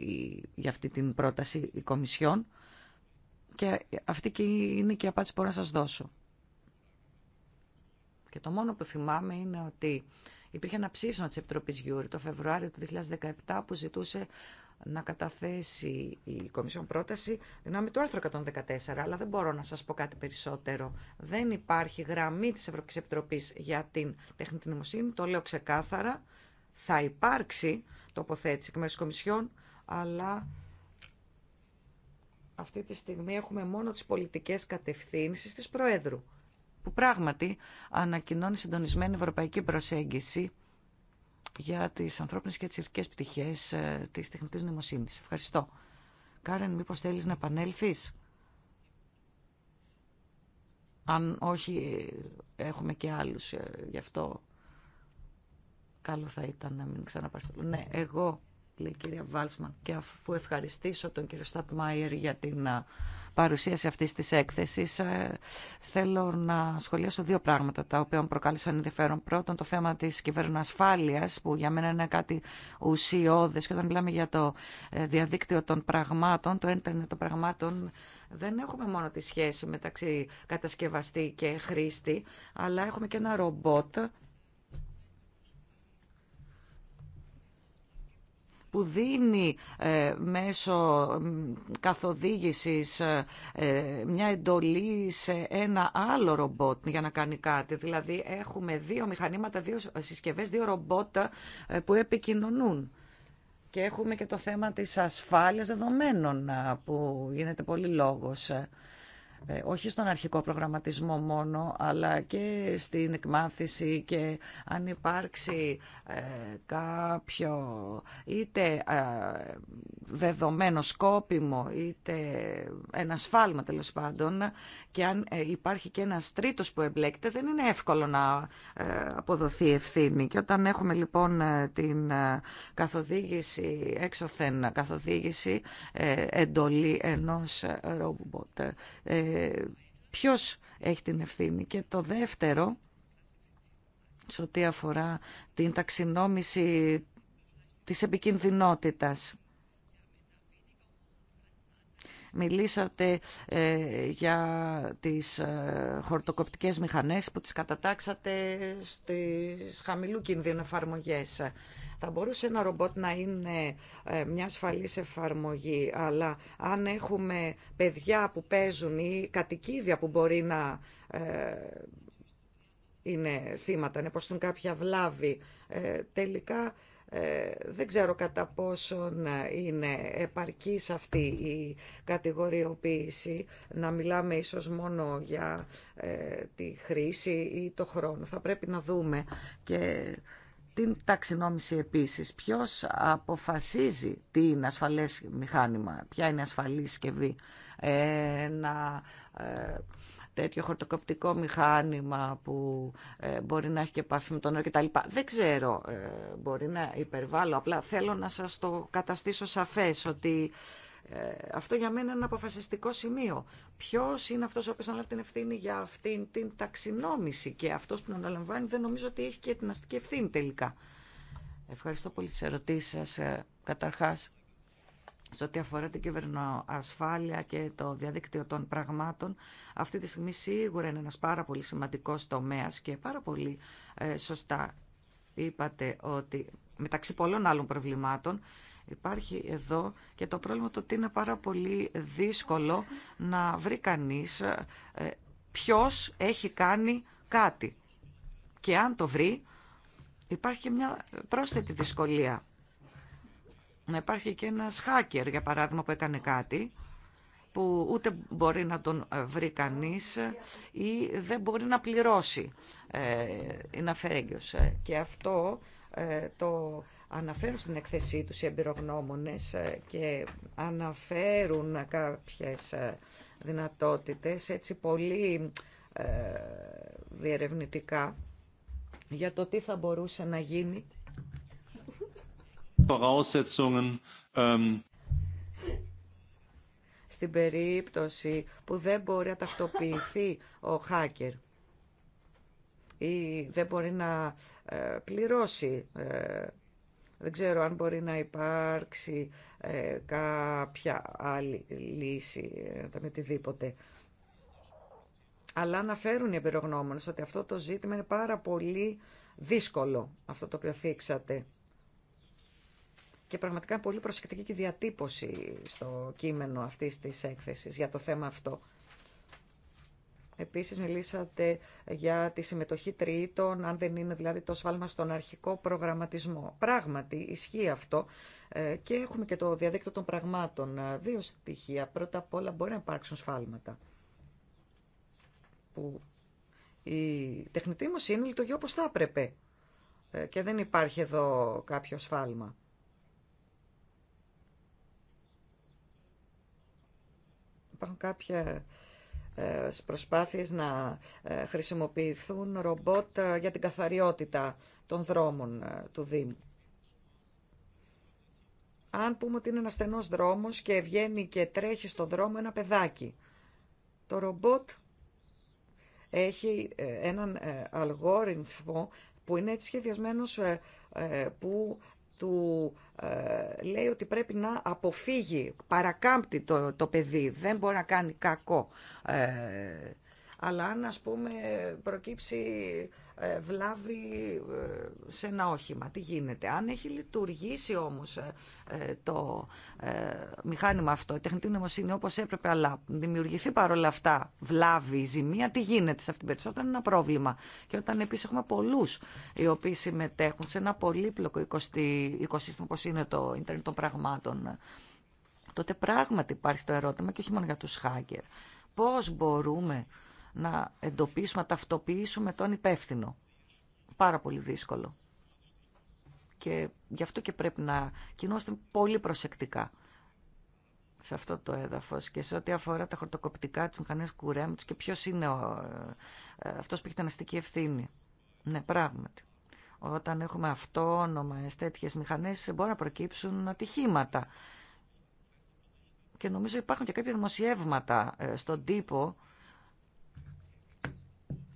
για αυτή την πρόταση η Κομισιόν. Και αυτή και είναι και η απάντηση που μπορώ να σας δώσω. Και το μόνο που θυμάμαι είναι ότι υπήρχε ένα ψήφισμα της Επιτροπής Γιούρη το Φεβρουάριο του 2017 που ζητούσε να καταθέσει η Κομισιόν πρόταση δυνάμει του άρθρου 114, αλλά δεν μπορώ να σας πω κάτι περισσότερο. Δεν υπάρχει γραμμή της Ευρωπαϊκής Επιτροπής για την τεχνητή νομοσύνη, το λέω ξεκάθαρα. Θα υπάρξει τοποθέτηση εκ μέρους Κομισιόν, αλλά αυτή τη στιγμή έχουμε μόνο τις πολιτικές κατευθύνσεις της Προέδρου, που πράγματι ανακοινώνει συντονισμένη ευρωπαϊκή προσέγγιση για τι ανθρώπινε και τι ειδικέ πτυχέ ε, τη τεχνητή νοημοσύνη. Ευχαριστώ. Κάρεν, μήπω θέλει να επανέλθει, Αν όχι, ε, έχουμε και άλλους ε, γι' αυτό. Καλό θα ήταν να μην ξαναπαρσταλώ. Ναι, εγώ, λέει η κυρία Βάλσμαν, και αφού ευχαριστήσω τον κύριο Στατμάιερ για την παρουσίαση αυτής της έκθεσης. Ε, θέλω να σχολιάσω δύο πράγματα τα οποία μου προκάλεσαν ενδιαφέρον. Πρώτον το θέμα της κυβερνοασφάλειας που για μένα είναι κάτι ουσιώδες και όταν μιλάμε για το ε, διαδίκτυο των πραγμάτων, το ίντερνετ των πραγμάτων δεν έχουμε μόνο τη σχέση μεταξύ κατασκευαστή και χρήστη, αλλά έχουμε και ένα ρομπότ που δίνει ε, μέσω καθοδήγησης ε, ε, μια εντολή σε ένα άλλο ρομπότ για να κάνει κάτι. Δηλαδή έχουμε δύο μηχανήματα, δύο συσκευές, δύο ρομπότ που επικοινωνούν. Και έχουμε και το θέμα της ασφάλειας δεδομένων που γίνεται πολύ λόγος. Ε, όχι στον αρχικό προγραμματισμό μόνο, αλλά και στην εκμάθηση και αν υπάρξει ε, κάποιο είτε ε, δεδομένο σκόπιμο, είτε ένα σφάλμα τέλο πάντων, και αν ε, υπάρχει και ένας τρίτος που εμπλέκεται δεν είναι εύκολο να ε, αποδοθεί ευθύνη. Και όταν έχουμε λοιπόν ε, την καθοδήγηση, έξωθεν καθοδήγηση, εντολή ενός ρομπότ, ποιος έχει την ευθύνη. Και το δεύτερο, σε ό,τι αφορά την ταξινόμηση της επικινδυνότητας. Μιλήσατε ε, για τις ε, χορτοκοπτικές μηχανές που τις κατατάξατε στις χαμηλού κινδύνου εφαρμογές. Θα μπορούσε ένα ρομπότ να είναι ε, μια ασφαλής εφαρμογή, αλλά αν έχουμε παιδιά που παίζουν ή κατοικίδια που μπορεί να είναι θύματα, να υποστούν κάποια βλάβη, τελικά ε, δεν ξέρω κατά πόσον είναι επαρκής αυτή η κατηγοριοποίηση να μιλάμε ίσως μόνο για ε, τη χρήση ή το χρόνο. Θα πρέπει να δούμε και την ταξινόμηση επίσης. Ποιος αποφασίζει τι είναι ασφαλές μηχάνημα, ποια είναι ασφαλή συσκευή. Ε, να, τέτοιο χορτοκοπτικό μηχάνημα που ε, μπορεί να έχει και επαφή με τον νερό κτλ. Δεν ξέρω, ε, μπορεί να υπερβάλλω, απλά θέλω να σας το καταστήσω σαφές ότι ε, αυτό για μένα είναι ένα αποφασιστικό σημείο. Ποιο είναι αυτό ο οποίο αναλάβει την ευθύνη για αυτήν την ταξινόμηση και αυτό που την αναλαμβάνει δεν νομίζω ότι έχει και την αστική ευθύνη τελικά. Ευχαριστώ πολύ τι ερωτήσει σα. Καταρχά, σε ό,τι αφορά την κυβερνοασφάλεια και το διαδίκτυο των πραγμάτων, αυτή τη στιγμή σίγουρα είναι ένας πάρα πολύ σημαντικός τομέας και πάρα πολύ ε, σωστά είπατε ότι μεταξύ πολλών άλλων προβλημάτων υπάρχει εδώ και το πρόβλημα το ότι είναι πάρα πολύ δύσκολο να βρει κανείς ε, ε ποιος έχει κάνει κάτι. Και αν το βρει υπάρχει μια πρόσθετη δυσκολία να υπάρχει και ένας hacker, για παράδειγμα, που έκανε κάτι, που ούτε μπορεί να τον βρει κανείς ή δεν μπορεί να πληρώσει. Ε, είναι αφαιρέγγιος. Ε, και αυτό ε, το αναφέρουν στην εκθεσή τους οι εμπειρογνώμονες και αναφέρουν κάποιες δυνατότητες έτσι πολύ διερευνητικά για το τι θα μπορούσε να γίνει Ähm, Στην περίπτωση που δεν μπορεί να ταυτοποιηθεί ο hacker ή δεν μπορεί να ε, πληρώσει, ε, δεν ξέρω αν μπορεί να υπάρξει ε, κάποια άλλη λύση, με οτιδήποτε. Αλλά αναφέρουν οι εμπειρογνώμονες ότι αυτό το ζήτημα είναι πάρα πολύ δύσκολο, αυτό το οποίο θίξατε και πραγματικά πολύ προσεκτική και διατύπωση στο κείμενο αυτής της έκθεσης για το θέμα αυτό. Επίσης μιλήσατε για τη συμμετοχή τρίτων, αν δεν είναι δηλαδή το σφάλμα στον αρχικό προγραμματισμό. Πράγματι ισχύει αυτό ε, και έχουμε και το διαδίκτυο των πραγμάτων. Ε, δύο στοιχεία. Πρώτα απ' όλα μπορεί να υπάρξουν σφάλματα. η τεχνητή είναι λειτουργεί όπως θα έπρεπε ε, και δεν υπάρχει εδώ κάποιο σφάλμα. Υπάρχουν κάποια ε, προσπάθειες να ε, χρησιμοποιηθούν ρομπότ ε, για την καθαριότητα των δρόμων του Δήμου. Αν πούμε ότι είναι ένα στενός δρόμος και βγαίνει και τρέχει στο δρόμο ένα παιδάκι, το ρομπότ έχει έναν αλγόριθμο που είναι έτσι σχεδιασμένος που του ε, λέει ότι πρέπει να αποφύγει, παρακάμπτει το, το παιδί, δεν μπορεί να κάνει κακό ε, αλλά αν ας πούμε προκύψει ε, βλάβη ε, σε ένα όχημα, τι γίνεται. Αν έχει λειτουργήσει όμως ε, το μηχάνημα αυτό, η τεχνητή νομοσύνη όπως έπρεπε, αλλά δημιουργηθεί παρόλα αυτά βλάβη, ζημία, τι γίνεται σε αυτήν την περίπτωση. Όταν είναι ένα πρόβλημα. Και όταν επίσης έχουμε πολλούς οι οποίοι συμμετέχουν σε ένα πολύπλοκο οικοσύστημα όπως είναι το ίντερνετ των πραγμάτων, τότε πράγματι υπάρχει το ερώτημα και όχι μόνο για τους hacker. Πώς μπορούμε να εντοπίσουμε, να ταυτοποιήσουμε τον υπεύθυνο. Πάρα πολύ δύσκολο. Και γι' αυτό και πρέπει να κινούμαστε πολύ προσεκτικά σε αυτό το έδαφος και σε ό,τι αφορά τα χορτοκοπητικά, των μηχανές κουρέματος και ποιος είναι ο, ε, αυτός που έχει την αστική ευθύνη. Ναι, πράγματι. Όταν έχουμε αυτόνομα, τέτοιε μηχανές μπορεί να προκύψουν ατυχήματα. Και νομίζω υπάρχουν και κάποια δημοσιεύματα ε, στον τύπο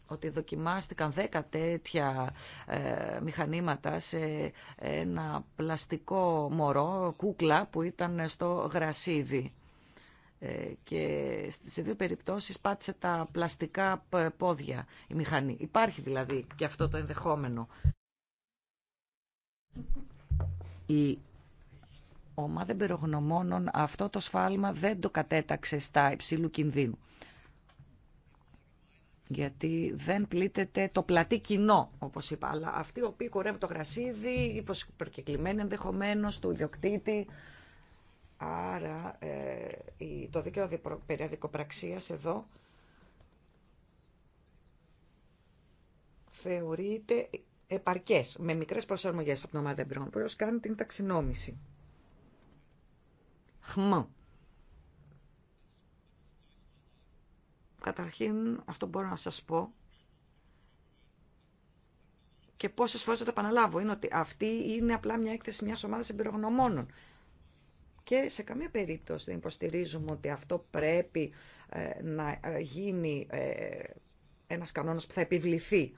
ότι δοκιμάστηκαν 10 τέτοια ε, μηχανήματα σε ένα πλαστικό μωρό, κούκλα, που ήταν στο γρασίδι ε, και σε δύο περιπτώσεις πάτησε τα πλαστικά πόδια η μηχανή. Υπάρχει δηλαδή και αυτό το ενδεχόμενο. Η ομάδα εμπειρογνωμόνων αυτό το σφάλμα δεν το κατέταξε στα υψηλού κινδύνου γιατί δεν πλήττεται το πλατή κοινό, όπως είπα. Αλλά αυτοί οι οποίοι κορεύουν το γρασίδι, προκεκλημένοι ενδεχομένω του ιδιοκτήτη. Άρα ε, το δίκαιο περιαδικοπραξίας εδώ θεωρείται επαρκές, με μικρές προσαρμογές από την ομάδα εμπειρών, που κάνει την ταξινόμηση. Χμα. Καταρχήν, αυτό μπορώ να σας πω και πόσες φορές θα το επαναλάβω, είναι ότι αυτή είναι απλά μια έκθεση μιας ομάδας εμπειρογνωμόνων. Και σε καμία περίπτωση δεν υποστηρίζουμε ότι αυτό πρέπει ε, να ε, γίνει ε, ένας κανόνας που θα επιβληθεί.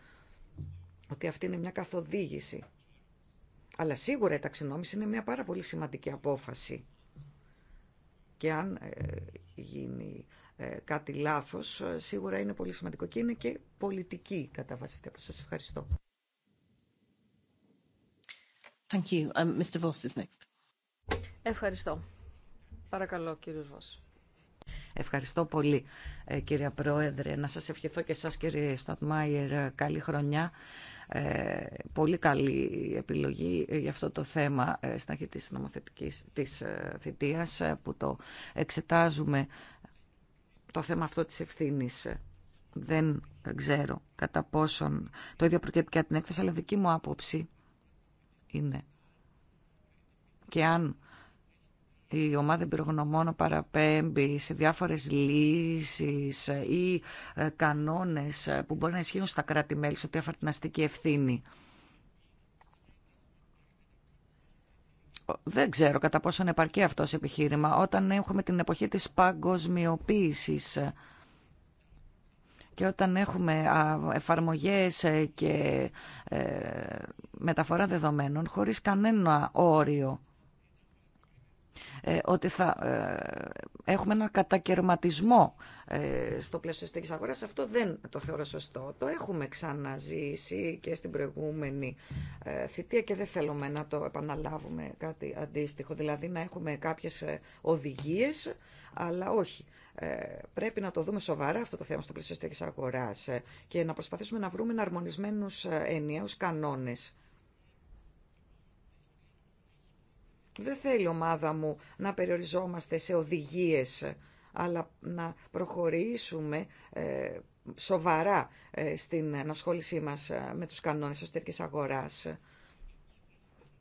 Ότι αυτή είναι μια καθοδήγηση. Αλλά σίγουρα η ταξινόμηση είναι μια πάρα πολύ σημαντική απόφαση. Και αν ε, γίνει ε, κάτι λάθος. Ε, σίγουρα είναι πολύ σημαντικό και είναι και πολιτική κατά βάση αυτή. Σας ευχαριστώ. Thank you. Um, Mr. Voss is next. Ευχαριστώ. Παρακαλώ, κύριος Voss. Ευχαριστώ πολύ, ε, κύριε Πρόεδρε. Να σας ευχηθώ και σας, κύριε Στατμάιερ, καλή χρονιά. πολύ καλή επιλογή για αυτό το θέμα στην αρχή της νομοθετικής της θητείας που το εξετάζουμε το θέμα αυτό της ευθύνης. Δεν ξέρω κατά πόσον το ίδιο προκύπτει και την έκθεση, αλλά δική μου άποψη είναι. Και αν η ομάδα εμπειρογνωμών παραπέμπει σε διάφορες λύσεις ή ε, κανόνες ε, που μπορεί να ισχύουν στα κράτη-μέλη σε ό,τι αφορά την αστική ευθύνη. δεν ξέρω κατά πόσο είναι επαρκή αυτό επιχείρημα. Όταν έχουμε την εποχή της παγκοσμιοποίησης και όταν έχουμε εφαρμογές ε, και ε, μεταφορά δεδομένων χωρίς κανένα όριο ε, ότι θα ε, έχουμε έναν κατακαιρματισμό ε, στο πλαίσιο της αγοράς. Αυτό δεν το θεωρώ σωστό. Το έχουμε ξαναζήσει και στην προηγούμενη θητεία και δεν θέλουμε να το επαναλάβουμε κάτι αντίστοιχο. Δηλαδή να έχουμε κάποιες οδηγίες, αλλά όχι. Πρέπει να το δούμε σοβαρά αυτό το θέμα στο πλαίσιο της αγοράς και να προσπαθήσουμε να βρούμε αρμονισμένους ενιαίους κανόνες Δεν θέλει η ομάδα μου να περιοριζόμαστε σε οδηγίες, αλλά να προχωρήσουμε ε, σοβαρά ε, στην ανασχόλησή μας ε, με τους κανόνες εσωτερικής αγοράς.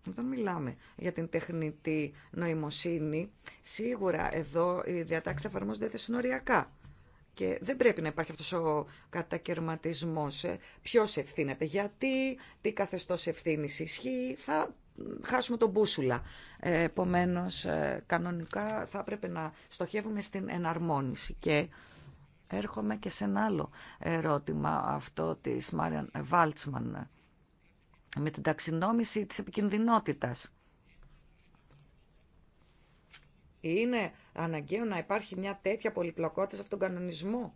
Όταν μιλάμε για την τεχνητή νοημοσύνη, σίγουρα εδώ οι διατάξει εφαρμόζονται θεσνοριακά. Και δεν πρέπει να υπάρχει αυτός ο κατακαιρματισμός. Ποιος ευθύνεται, γιατί, τι καθεστώς ευθύνης ισχύει, θα χάσουμε τον μπούσουλα. Ε, επομένως, ε, κανονικά θα έπρεπε να στοχεύουμε στην εναρμόνιση και... Έρχομαι και σε ένα άλλο ερώτημα, αυτό της Μάριαν Βάλτσμαν, με την ταξινόμηση της επικινδυνότητας. Είναι αναγκαίο να υπάρχει μια τέτοια πολυπλοκότητα σε αυτόν τον κανονισμό,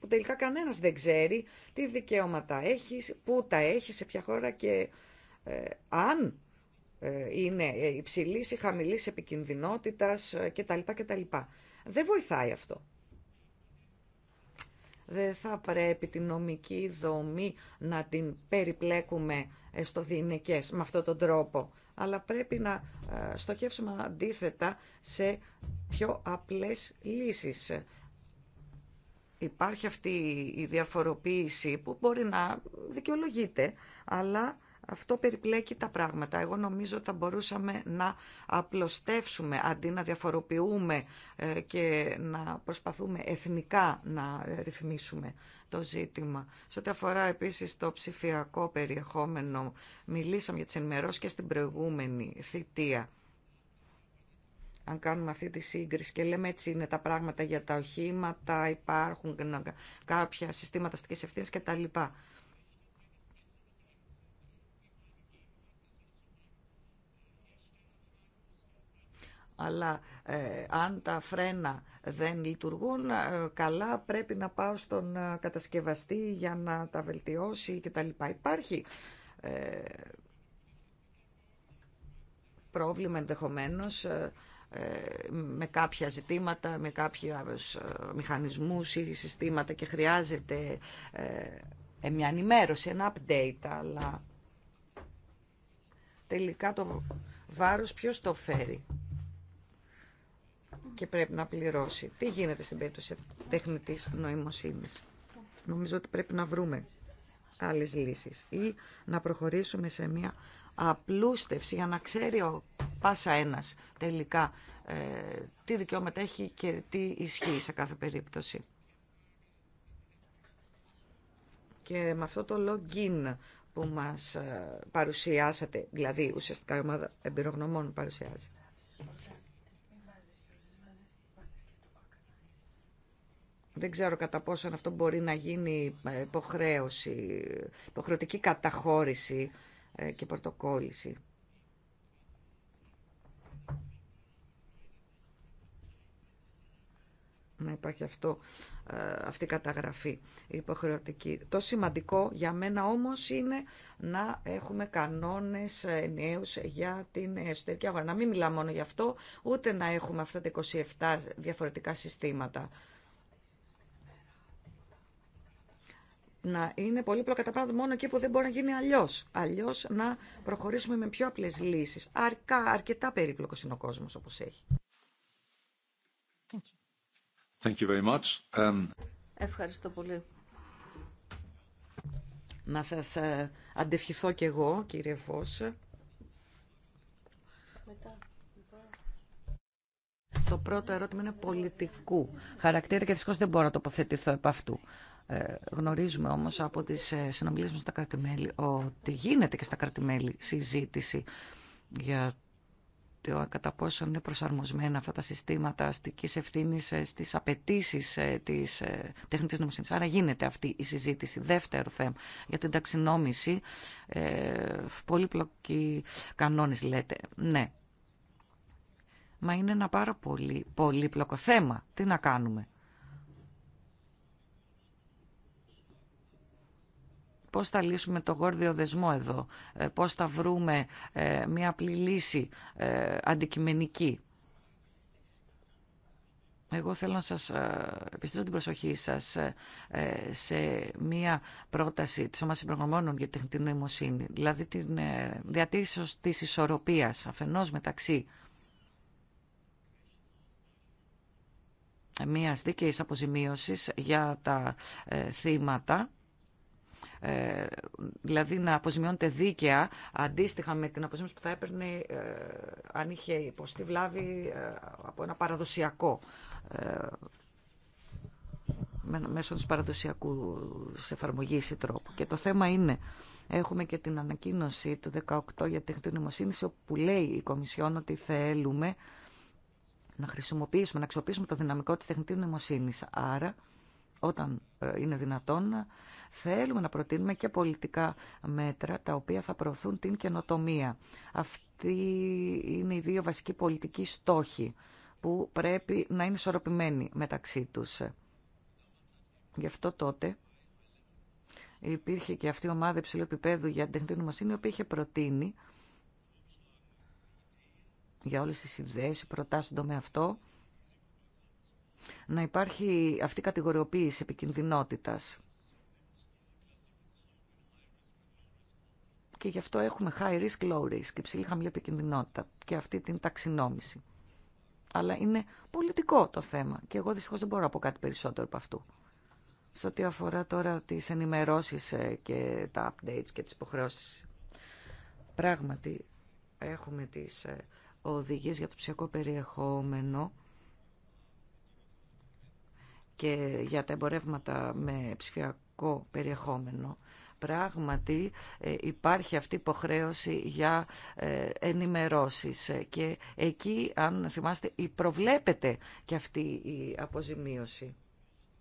που τελικά κανένας δεν ξέρει τι δικαιώματα έχει, πού τα έχει, σε ποια χώρα και ε, αν ε, είναι υψηλή, ή χαμηλής επικινδυνότητας ε, κτλ. κτλ. Δεν βοηθάει αυτό. Δεν θα πρέπει την νομική δομή να την περιπλέκουμε στο διηνικές με αυτόν τον τρόπο, αλλά πρέπει να στοχεύσουμε αντίθετα σε πιο απλές λύσεις. Υπάρχει αυτή η διαφοροποίηση που μπορεί να δικαιολογείται, αλλά αυτό περιπλέκει τα πράγματα. Εγώ νομίζω ότι θα μπορούσαμε να απλωστεύσουμε αντί να διαφοροποιούμε ε, και να προσπαθούμε εθνικά να ε, ρυθμίσουμε το ζήτημα. Σε ό,τι αφορά επίσης το ψηφιακό περιεχόμενο, μιλήσαμε για τις ενημερώσεις και στην προηγούμενη θητεία. Αν κάνουμε αυτή τη σύγκριση και λέμε έτσι είναι τα πράγματα για τα οχήματα, υπάρχουν κάποια συστήματα αστικής ευθύνης κτλ. αλλά ε, αν τα φρένα δεν λειτουργούν ε, καλά πρέπει να πάω στον ε, κατασκευαστή για να τα βελτιώσει λοιπά. Υπάρχει πρόβλημα ενδεχομένως με κάποια ζητήματα, με κάποιους μηχανισμούς ή συστήματα και χρειάζεται μια ενημέρωση, ένα update, αλλά τελικά το βάρος ποιος το φέρει και πρέπει να πληρώσει. Τι γίνεται στην περίπτωση τεχνητή νοημοσύνης. Νομίζω ότι πρέπει να βρούμε άλλες λύσεις ή να προχωρήσουμε σε μια απλούστευση για να ξέρει ο πάσα ένας τελικά ε, τι δικαιώματα έχει και τι ισχύει σε κάθε περίπτωση. Και με αυτό το login που μας ε, παρουσιάσατε, δηλαδή ουσιαστικά η ομάδα εμπειρογνωμών παρουσιάζει, Δεν ξέρω κατά πόσο αυτό μπορεί να γίνει ε, υποχρέωση, υποχρεωτική καταχώρηση ε, και πρωτοκόλληση. να υπάρχει αυτό, ε, αυτή η καταγραφή υποχρεωτική. Το σημαντικό για μένα όμως είναι να έχουμε κανόνες νέους για την εσωτερική αγορά. Να μην μιλάμε μόνο γι' αυτό, ούτε να έχουμε αυτά τα 27 διαφορετικά συστήματα. να είναι πολύ τα πράγματα μόνο εκεί που δεν μπορεί να γίνει αλλιώ. Αλλιώ να προχωρήσουμε με πιο απλέ λύσει. Αρκά, αρκετά περίπλοκο είναι ο κόσμο όπω έχει. Thank you. very much. Um, Ευχαριστώ πολύ. Να σας ε, αντευχηθώ κι εγώ, κύριε Φως. Το πρώτο ερώτημα είναι πολιτικού χαρακτήρα και δυστυχώ δεν μπορώ να τοποθετηθώ επ' αυτού. Ε, γνωρίζουμε όμως από τις ε, συνομιλίες μας στα κρατημέλη ότι γίνεται και στα κρατημέλη συζήτηση για το κατά πόσο είναι προσαρμοσμένα αυτά τα συστήματα αστικής ευθύνης ε, στις απαιτήσει της τεχνητής νομοσύνης. Άρα γίνεται αυτή η συζήτηση. Δεύτερο θέμα για την ταξινόμηση. Ε, πολύπλοκοι κανόνες λέτε. Ναι. Μα είναι ένα πάρα πολύ πολύπλοκο θέμα. Τι να κάνουμε. πώς θα λύσουμε το γόρδιο δεσμό εδώ, ε, πώς θα βρούμε ε, μια απλή λύση ε, αντικειμενική. Εγώ θέλω να σας επιστήσω την προσοχή σας σε μία πρόταση της Ομάδας Συμπρογραμμόνων για την νοημοσύνη, δηλαδή την διατήρηση της ισορροπίας αφενός μεταξύ μίας δίκαιης αποζημίωσης για τα θύματα ε, δηλαδή να αποζημιώνεται δίκαια αντίστοιχα με την αποζημίωση που θα έπαιρνε ε, αν είχε υποστεί βλάβη ε, από ένα παραδοσιακό μέσω της παραδοσιακού σε εφαρμογή ή τρόπου. Και το θέμα είναι, έχουμε και την ανακοίνωση του 18 για τεχνητή νοημοσύνη όπου λέει η Κομισιόν ότι θέλουμε να χρησιμοποιήσουμε, να αξιοποιήσουμε το δυναμικό της τεχνητής νομοσύνης. Άρα, όταν ε, είναι δυνατόν, θέλουμε να προτείνουμε και πολιτικά μέτρα τα οποία θα προωθούν την καινοτομία. Αυτή είναι οι δύο βασικοί πολιτικοί στόχοι που πρέπει να είναι ισορροπημένοι μεταξύ τους. Γι' αυτό τότε υπήρχε και αυτή η ομάδα υψηλού επίπεδου για την τεχνητή νομοσύνη, η οποία είχε προτείνει για όλες τις ιδέες, προτάσεις στον τομέα αυτό, να υπάρχει αυτή η κατηγοριοποίηση επικινδυνότητας. Και γι' αυτό έχουμε high risk, low risk, υψηλή χαμηλή επικινδυνότητα και αυτή την ταξινόμηση. Αλλά είναι πολιτικό το θέμα και εγώ δυστυχώς δεν μπορώ να πω κάτι περισσότερο από αυτού. Σε ό,τι αφορά τώρα τις ενημερώσεις ε, και τα updates και τις υποχρεώσεις. Πράγματι, έχουμε τις ε, οδηγίες για το ψυχικό περιεχόμενο και για τα εμπορεύματα με ψηφιακό περιεχόμενο. Πράγματι ε, υπάρχει αυτή η υποχρέωση για ε, ενημερώσεις και εκεί, αν θυμάστε, προβλέπεται και αυτή η αποζημίωση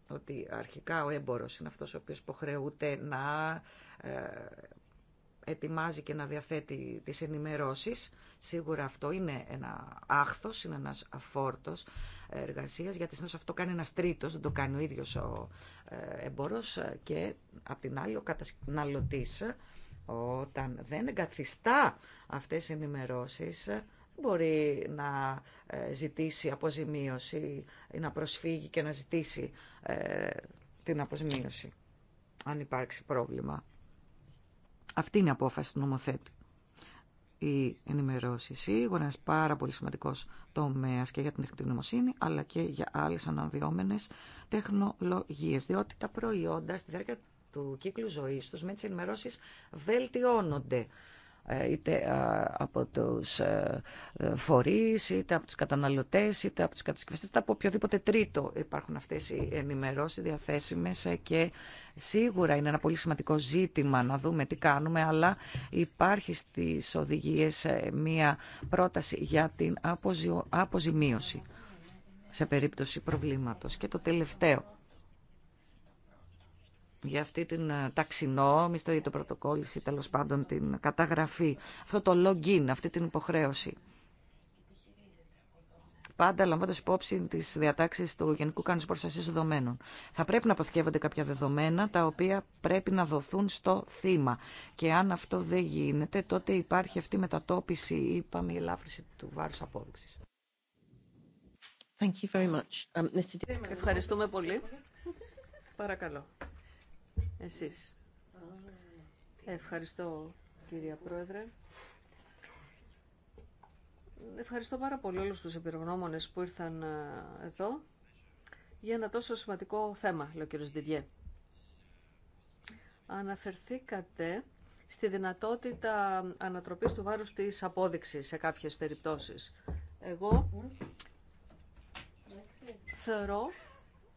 ότι αρχικά ο έμπορος είναι αυτός ο οποίος υποχρεούται να ε, ετοιμάζει και να διαθέτει τις ενημερώσεις. Σίγουρα αυτό είναι ένα άχθος, είναι ένας φόρτος εργασίας, γιατί συνήθως αυτό κάνει ένας τρίτος, δεν το κάνει ο ίδιος ο ε, εμπόρος και απ' την άλλη ο όταν δεν εγκαθιστά αυτές οι ενημερώσεις μπορεί να ε, ζητήσει αποζημίωση ή να προσφύγει και να ζητήσει ε, την αποζημίωση αν υπάρξει πρόβλημα. Αυτή είναι η απόφαση του νομοθέτη. Η ενημερώση σίγουρα είναι ένα πάρα πολύ σημαντικό τομέα και για την τεχνητή νομοσύνη, αλλά και για άλλε αναδυόμενε τεχνολογίε. Διότι τα προϊόντα στη διάρκεια του κύκλου ζωή του με τι ενημερώσει βελτιώνονται. Ε, είτε ε, από τους ε, φορείς, είτε από τους καταναλωτές, είτε από τους κατασκευαστές, είτε από οποιοδήποτε τρίτο υπάρχουν αυτές οι ενημερώσεις διαθέσιμες και σίγουρα είναι ένα πολύ σημαντικό ζήτημα να δούμε τι κάνουμε, αλλά υπάρχει στις οδηγίες μία πρόταση για την αποζημίωση σε περίπτωση προβλήματος. Και το τελευταίο για αυτή την ε, ταξινόμηση ή το πρωτοκόλληση, τέλο πάντων την καταγραφή, αυτό το login, αυτή την υποχρέωση. Πάντα λαμβάνοντα υπόψη τι διατάξει του Γενικού Κανονισμού Προστασία Δεδομένων. Θα πρέπει να αποθηκεύονται κάποια δεδομένα τα οποία πρέπει να δοθούν στο θύμα. Και αν αυτό δεν γίνεται, τότε υπάρχει αυτή η μετατόπιση, είπαμε, η ελάφρυνση του βάρου απόδειξη. Um, Ευχαριστούμε πολύ. Παρακαλώ εσείς. Ευχαριστώ κυρία Πρόεδρε. Ευχαριστώ πάρα πολύ όλους τους εμπειρογνώμονες που ήρθαν ε, εδώ για ένα τόσο σημαντικό θέμα, λέει ο κύριος Διδιέ. Αναφερθήκατε στη δυνατότητα ανατροπής του βάρους της απόδειξης σε κάποιες περιπτώσεις. Εγώ θεωρώ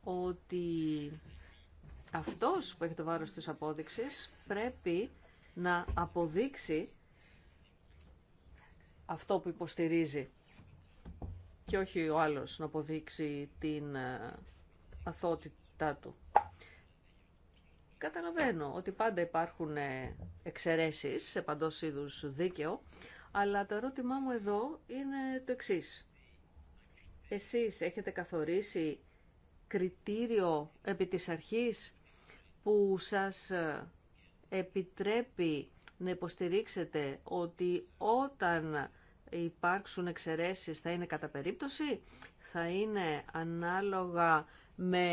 ότι αυτός που έχει το βάρος της απόδειξης πρέπει να αποδείξει αυτό που υποστηρίζει και όχι ο άλλος να αποδείξει την ε, αθότητά του. Καταλαβαίνω ότι πάντα υπάρχουν ε, εξαιρέσεις σε παντός είδους δίκαιο, αλλά το ερώτημά μου εδώ είναι το εξής. Εσείς έχετε καθορίσει κριτήριο επί της αρχής που σας ε, επιτρέπει να υποστηρίξετε ότι όταν υπάρξουν εξαιρέσει θα είναι κατά περίπτωση, θα είναι ανάλογα με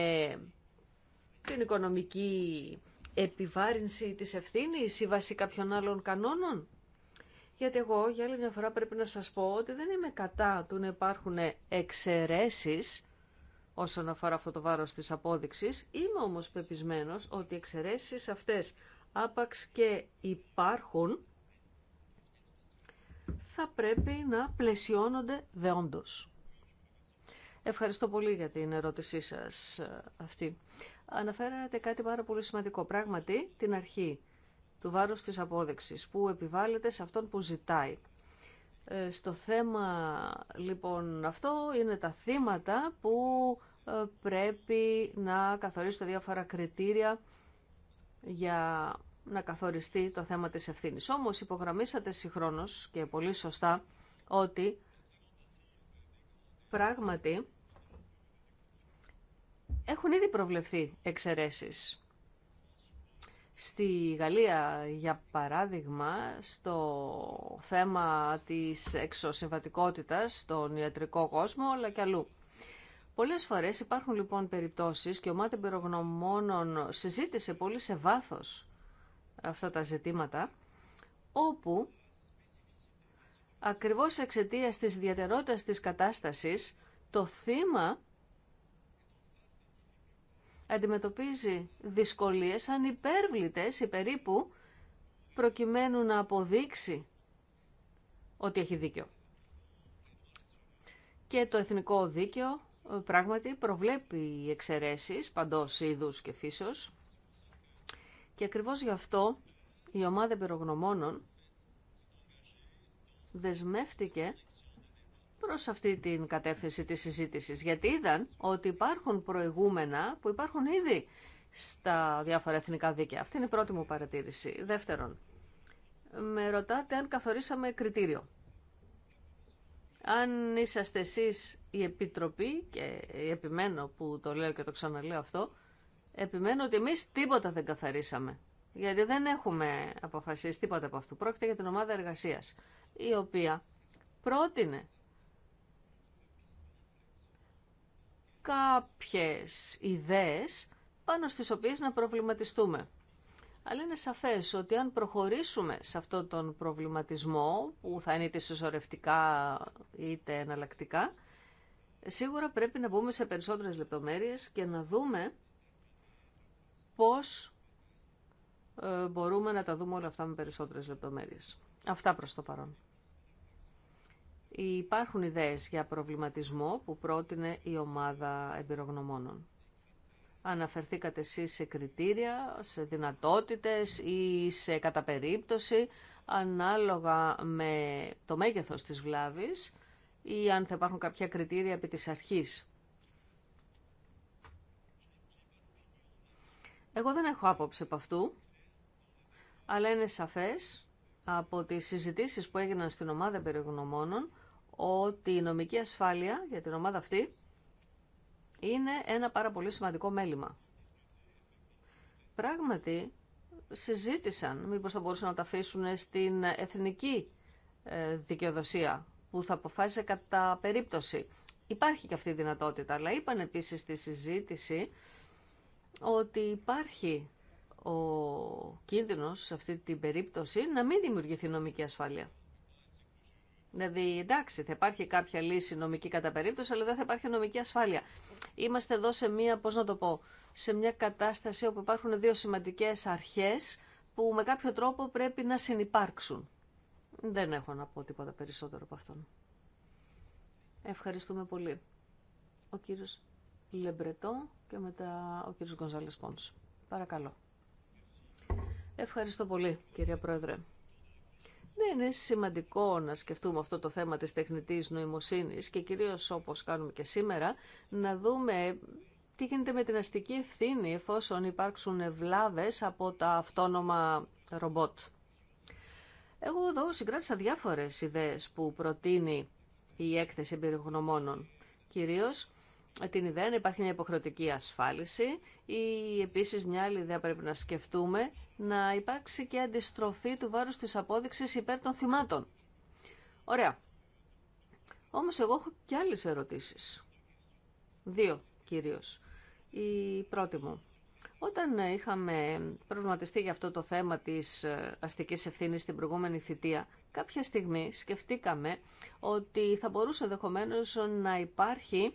την οικονομική επιβάρυνση της ευθύνης ή βάση κάποιων άλλων κανόνων. Γιατί εγώ για άλλη μια φορά πρέπει να σας πω ότι δεν είμαι κατά του να υπάρχουν εξαιρέσεις όσον αφορά αυτό το βάρος της απόδειξης. Είμαι όμως πεπισμένος ότι οι εξαιρέσεις αυτές άπαξ και υπάρχουν θα πρέπει να πλαισιώνονται δεόντως. Ευχαριστώ πολύ για την ερώτησή σας ε, αυτή. Αναφέρατε κάτι πάρα πολύ σημαντικό. Πράγματι, την αρχή του βάρους της απόδειξης που επιβάλλεται σε αυτόν που ζητάει. Ε, στο θέμα λοιπόν αυτό είναι τα θύματα που ε, πρέπει να καθορίσουν τα διάφορα κριτήρια για να καθοριστεί το θέμα της ευθύνης. Όμως υπογραμμίσατε συγχρόνως και πολύ σωστά ότι πράγματι έχουν ήδη προβλεφθεί εξαιρέσεις Στη Γαλλία, για παράδειγμα, στο θέμα της εξωσυμβατικότητας στον ιατρικό κόσμο, αλλά και αλλού. Πολλές φορές υπάρχουν λοιπόν περιπτώσεις και ο Μάτι Περογνωμόνων συζήτησε πολύ σε βάθος αυτά τα ζητήματα, όπου ακριβώς εξαιτίας της ιδιαιτερότητας της κατάστασης, το θύμα αντιμετωπίζει δυσκολίες ανυπέρβλητες ή περίπου προκειμένου να αποδείξει ότι έχει δίκιο. Και το εθνικό δίκαιο ε, πράγματι προβλέπει εξαιρέσεις παντός είδους και φύσεως και ακριβώς γι' αυτό η ομάδα πυρογνωμόνων δεσμεύτηκε προς αυτή την κατεύθυνση της συζήτησης, γιατί είδαν ότι υπάρχουν προηγούμενα που υπάρχουν ήδη στα διάφορα εθνικά δίκαια. Αυτή είναι η πρώτη μου παρατήρηση. Δεύτερον, με ρωτάτε αν καθορίσαμε κριτήριο. Αν είσαστε εσείς η Επιτροπή, και επιμένω που το λέω και το ξαναλέω αυτό, επιμένω ότι εμείς τίποτα δεν καθαρίσαμε. Γιατί δεν έχουμε αποφασίσει τίποτα από αυτού. Πρόκειται για την ομάδα εργασίας, η οποία πρότεινε κάποιες ιδέες πάνω στις οποίες να προβληματιστούμε. Αλλά είναι σαφές ότι αν προχωρήσουμε σε αυτόν τον προβληματισμό, που θα είναι είτε συσσωρευτικά είτε εναλλακτικά, σίγουρα πρέπει να μπούμε σε περισσότερες λεπτομέρειες και να δούμε πώς ε, μπορούμε να τα δούμε όλα αυτά με περισσότερες λεπτομέρειες. Αυτά προς το παρόν. Υπάρχουν ιδέες για προβληματισμό που πρότεινε η ομάδα εμπειρογνωμόνων. Αναφερθήκατε εσείς σε κριτήρια, σε δυνατότητες ή σε καταπερίπτωση, ανάλογα με το μέγεθος της βλάβης ή αν θα υπάρχουν κάποια κριτήρια επί της αρχής. Εγώ δεν έχω άποψη από αυτού, αλλά είναι σαφές από τις συζητήσεις που έγιναν στην ομάδα περιγνωμόνων ότι η νομική ασφάλεια για την ομάδα αυτή είναι ένα πάρα πολύ σημαντικό μέλημα. Πράγματι, συζήτησαν μήπως θα μπορούσαν να τα αφήσουν στην εθνική ε, δικαιοδοσία που θα αποφάσισε κατά περίπτωση. Υπάρχει και αυτή η δυνατότητα, αλλά είπαν επίσης στη συζήτηση ότι υπάρχει ο κίνδυνος σε αυτή την περίπτωση να μην δημιουργηθεί νομική ασφάλεια. Δηλαδή, εντάξει, θα υπάρχει κάποια λύση νομική κατά περίπτωση, αλλά δεν θα υπάρχει νομική ασφάλεια. Είμαστε εδώ σε μία, πώς να το πω, σε μια κατάσταση όπου υπάρχουν δύο σημαντικές αρχές που με κάποιο τρόπο πρέπει να συνεπάρξουν. Δεν έχω να πω τίποτα περισσότερο από αυτόν. Ευχαριστούμε πολύ. Ο κύριος Λεμπρετό και μετά ο κύριος Γκονζάλης Πόνς. Παρακαλώ. Ευχαριστώ πολύ, κυρία Πρόεδρε. Ναι, είναι σημαντικό να σκεφτούμε αυτό το θέμα της τεχνητής νοημοσύνης και κυρίως όπως κάνουμε και σήμερα, να δούμε τι γίνεται με την αστική ευθύνη εφόσον υπάρξουν βλάβες από τα αυτόνομα ρομπότ. Εγώ εδώ συγκράτησα διάφορες ιδέες που προτείνει η έκθεση εμπειρογνωμόνων. Κυρίως την ιδέα να υπάρχει μια υποχρεωτική ασφάλιση ή επίσης μια άλλη ιδέα πρέπει να σκεφτούμε να υπάρξει και αντιστροφή του βάρους της απόδειξης υπέρ των θυμάτων. Ωραία. Όμως εγώ έχω και άλλες ερωτήσεις. Δύο κυρίως. Η πρώτη μου. Όταν είχαμε προβληματιστεί για αυτό το θέμα της ε, αστικής ευθύνης στην προηγούμενη θητεία, κάποια στιγμή σκεφτήκαμε ότι θα μπορούσε ενδεχομένω να υπάρχει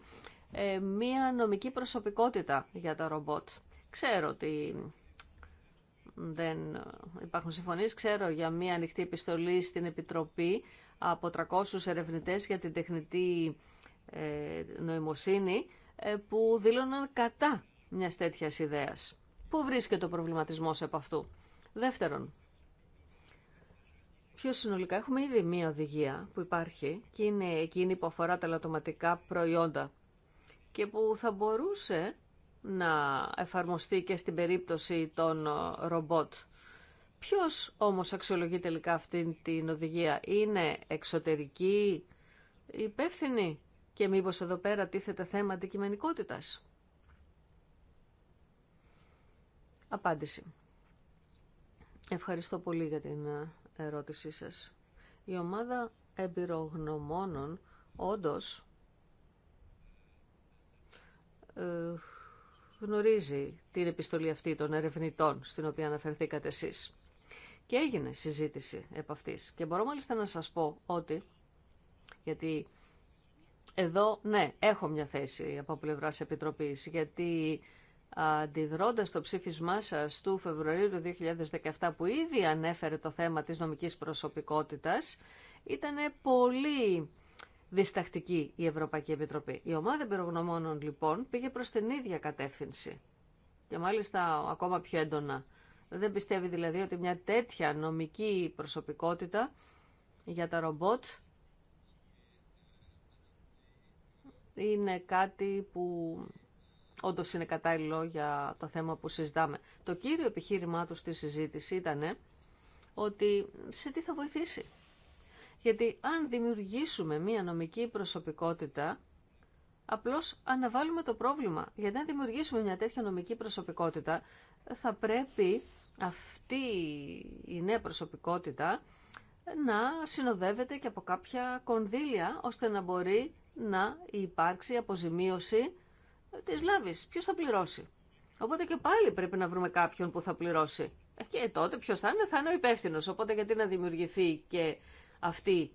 ε, μία νομική προσωπικότητα για τα ρομπότ. Ξέρω ότι δεν υπάρχουν συμφωνίες, ξέρω για μία ανοιχτή επιστολή στην Επιτροπή από 300 ερευνητές για την τεχνητή ε, νοημοσύνη ε, που δήλωναν κατά μια τέτοια ιδέα. Πού βρίσκεται ο προβληματισμός από αυτού. Δεύτερον, πιο συνολικά έχουμε ήδη μία οδηγία που υπάρχει και είναι εκείνη που αφορά τα λατωματικά προϊόντα και που θα μπορούσε να εφαρμοστεί και στην περίπτωση των ε, ρομπότ. Ποιος όμως αξιολογεί τελικά αυτή την οδηγία. Είναι εξωτερική υπεύθυνη και μήπως εδώ πέρα τίθεται θέμα αντικειμενικότητας. Απάντηση. Ευχαριστώ πολύ για την ε, ερώτησή σας. Η ομάδα εμπειρογνωμόνων όντως γνωρίζει την επιστολή αυτή των ερευνητών στην οποία αναφερθήκατε εσείς. Και έγινε συζήτηση επ' αυτής. Και μπορώ μάλιστα να σας πω ότι, γιατί εδώ ναι έχω μια θέση από πλευρά Επιτροπής, γιατί αντιδρώντας το ψήφισμά σας του Φεβρουαρίου του 2017 που ήδη ανέφερε το θέμα της νομικής προσωπικότητας, ήταν πολύ διστακτική η Ευρωπαϊκή Επιτροπή. Η ομάδα εμπειρογνωμόνων λοιπόν πήγε προς την ίδια κατεύθυνση και μάλιστα ακόμα πιο έντονα. Δεν πιστεύει δηλαδή ότι μια τέτοια νομική προσωπικότητα για τα ρομπότ είναι κάτι που όντω είναι κατάλληλο για το θέμα που συζητάμε. Το κύριο επιχείρημά του στη συζήτηση ήταν ότι σε τι θα βοηθήσει. Γιατί αν δημιουργήσουμε μία νομική προσωπικότητα, απλώς αναβάλουμε το πρόβλημα. Γιατί αν δημιουργήσουμε μια τέτοια νομική προσωπικότητα, θα πρέπει αυτή η νέα προσωπικότητα να συνοδεύεται και από κάποια κονδύλια, ώστε να μπορεί να υπάρξει αποζημίωση της λάβης. Ποιος θα πληρώσει. Οπότε και πάλι πρέπει να βρούμε κάποιον που θα πληρώσει. Ε, και τότε ποιο θα είναι, θα είναι ο υπεύθυνο. Οπότε γιατί να δημιουργηθεί και αυτή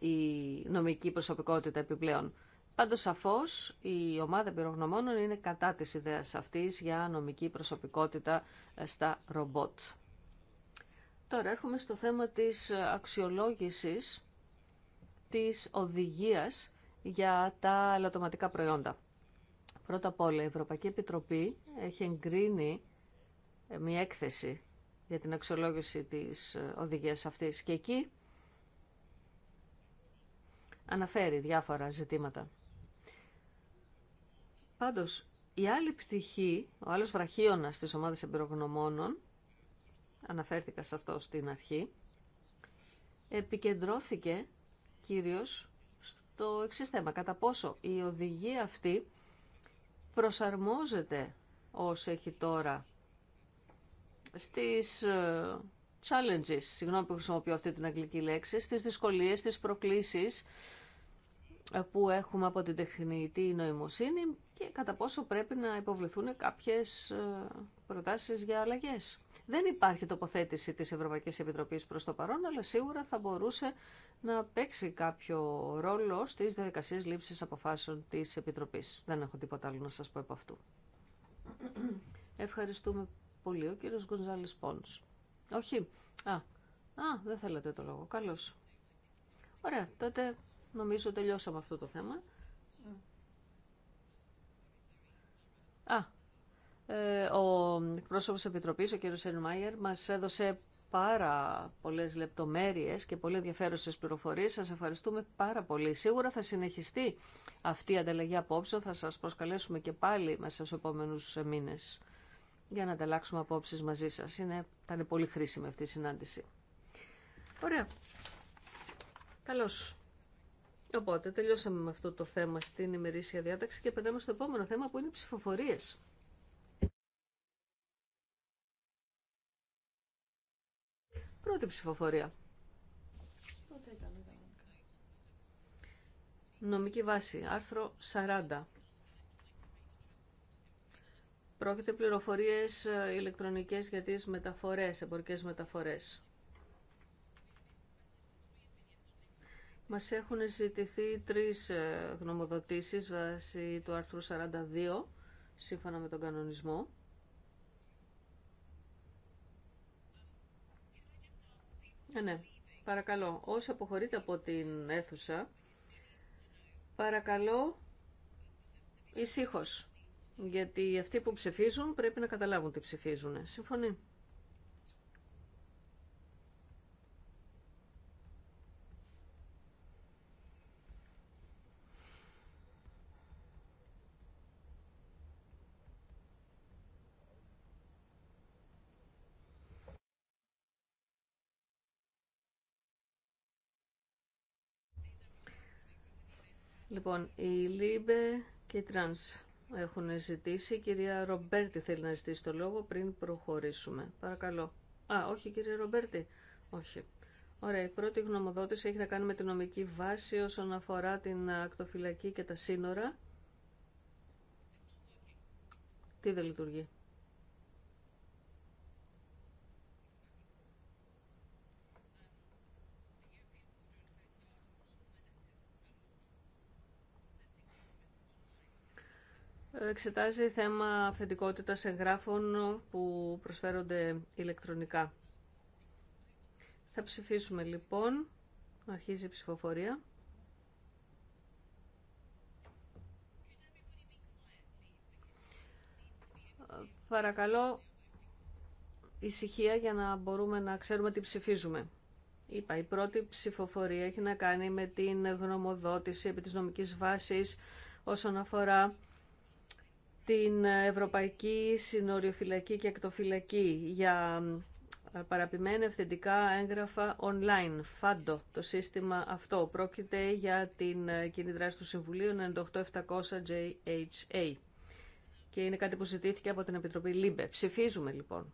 η νομική προσωπικότητα επιπλέον. Πάντω, σαφώ η ομάδα πυρογνωμόνων είναι κατά τη ιδέα αυτή για νομική προσωπικότητα ε, στα ρομπότ. Τώρα έρχομαι στο θέμα της αξιολόγησης της οδηγίας για τα ελαττωματικά προϊόντα. Πρώτα απ' όλα, η Ευρωπαϊκή Επιτροπή έχει εγκρίνει ε, μια έκθεση για την αξιολόγηση της ε, οδηγίας αυτής και εκεί αναφέρει διάφορα ζητήματα. Πάντως, η άλλη πτυχή, ο άλλος βραχίωνας της ομάδας εμπειρογνωμόνων, αναφέρθηκα σε αυτό στην αρχή, επικεντρώθηκε κυρίως στο εξή θέμα, κατά πόσο η οδηγία αυτή προσαρμόζεται ως έχει τώρα στις ε, challenges, συγγνώμη που χρησιμοποιώ αυτή την αγγλική λέξη, στις δυσκολίες, στις προκλήσεις ε, που έχουμε από την τεχνητή νοημοσύνη και κατά πόσο πρέπει να υποβληθούν κάποιες ε, προτάσεις για αλλαγές. Δεν υπάρχει τοποθέτηση της Ευρωπαϊκής Επιτροπής προς το παρόν, αλλά σίγουρα θα μπορούσε να παίξει κάποιο ρόλο στις διαδικασίες λήψης αποφάσεων της Επιτροπής. Δεν έχω τίποτα άλλο να σας πω από αυτού. Ευχαριστούμε πολύ ο κύριος Γκονζάλης όχι. Α, α δεν θέλετε το λόγο. Καλώ. Ωραία, τότε νομίζω τελειώσαμε αυτό το θέμα. Mm. Α, ε, ο εκπρόσωπος της Επιτροπής, ο κύριο Σενμάιερ, μας έδωσε πάρα πολλές λεπτομέρειες και πολύ ενδιαφέρουσες πληροφορίες. Σας ευχαριστούμε πάρα πολύ. Σίγουρα θα συνεχιστεί αυτή η ανταλλαγή απόψε. Θα σας προσκαλέσουμε και πάλι μέσα στους επόμενους μήνες για να ανταλλάξουμε απόψεις μαζί σας. Είναι, θα είναι πολύ χρήσιμη αυτή η συνάντηση. Ωραία. Καλώς. Οπότε τελειώσαμε με αυτό το θέμα στην ημερήσια διάταξη και περνάμε στο επόμενο θέμα που είναι οι ψηφοφορίες. Πρώτη ψηφοφορία. Νομική βάση, άρθρο 40. Πρόκειται πληροφορίες ε, ηλεκτρονικές για τις μεταφορές, εμπορικές μεταφορές. Μας έχουν ζητηθεί τρεις ε, γνωμοδοτήσεις βάσει του άρθρου 42, σύμφωνα με τον κανονισμό. Ε, ναι, παρακαλώ, όσοι αποχωρείτε από την αίθουσα, παρακαλώ ησύχως. Γιατί αυτοί που ψηφίζουν πρέπει να καταλάβουν τι ψηφίζουν. Συμφωνεί. Λοιπόν, η Λίμπε και η Τρανς έχουν ζητήσει. Η κυρία Ρομπέρτη θέλει να ζητήσει το λόγο πριν προχωρήσουμε. Παρακαλώ. Α, όχι κύριε Ρομπέρτη. Όχι. Ωραία, η πρώτη γνωμοδότηση έχει να κάνει με την νομική βάση όσον αφορά την ακτοφυλακή και τα σύνορα. Τι δεν λειτουργεί. εξετάζει θέμα αυθεντικότητας εγγράφων που προσφέρονται ηλεκτρονικά. Θα ψηφίσουμε λοιπόν. Αρχίζει η ψηφοφορία. Παρακαλώ ησυχία για να μπορούμε να ξέρουμε τι ψηφίζουμε. Είπα, η πρώτη ψηφοφορία έχει να κάνει με την γνωμοδότηση επί της νομικής βάσης όσον αφορά την Ευρωπαϊκή Συνοριοφυλακή και Εκτοφυλακή για ε, παραπημένα ευθυντικά έγγραφα online, FADO, το σύστημα αυτό. Πρόκειται για την ε, κοινή δράση του Συμβουλίου 98700JHA και είναι κάτι που ζητήθηκε από την Επιτροπή ΛΥΜΠΕ. Ψηφίζουμε λοιπόν.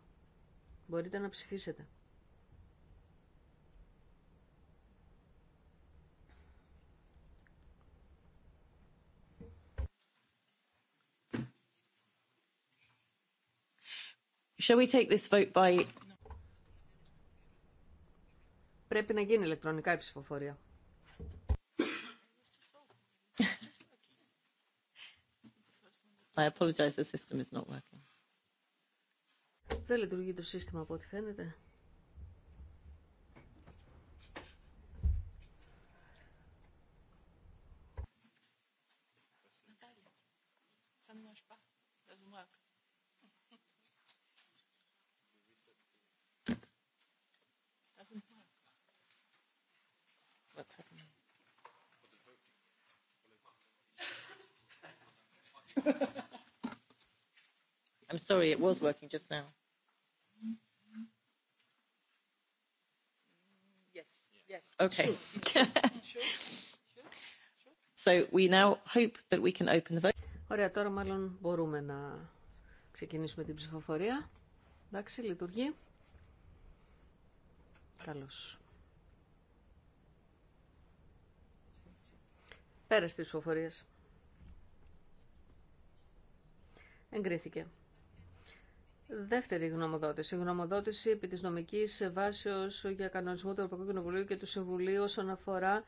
Μπορείτε να ψηφίσετε. Shall we take this vote by... Πρέπει να γίνει ηλεκτρονικά η ψηφοφορία. I apologize, the system is not working. Δεν λειτουργεί το σύστημα από ό,τι φαίνεται. Sorry, it was working just now. Yes, yes. Okay. So we now hope that we can open the vote. Ωραία, τώρα μάλλον μπορούμε να ξεκινήσουμε την ψηφοφορία. Εντάξει, λειτουργεί. Καλώς. Πέρα στις ψηφοφορίες. Εγκρίθηκε. Δεύτερη γνωμοδότηση. Γνωμοδότηση επί της νομικής βάσεως για κανονισμό του Ευρωπαϊκού Κοινοβουλίου και του Συμβουλίου όσον αφορά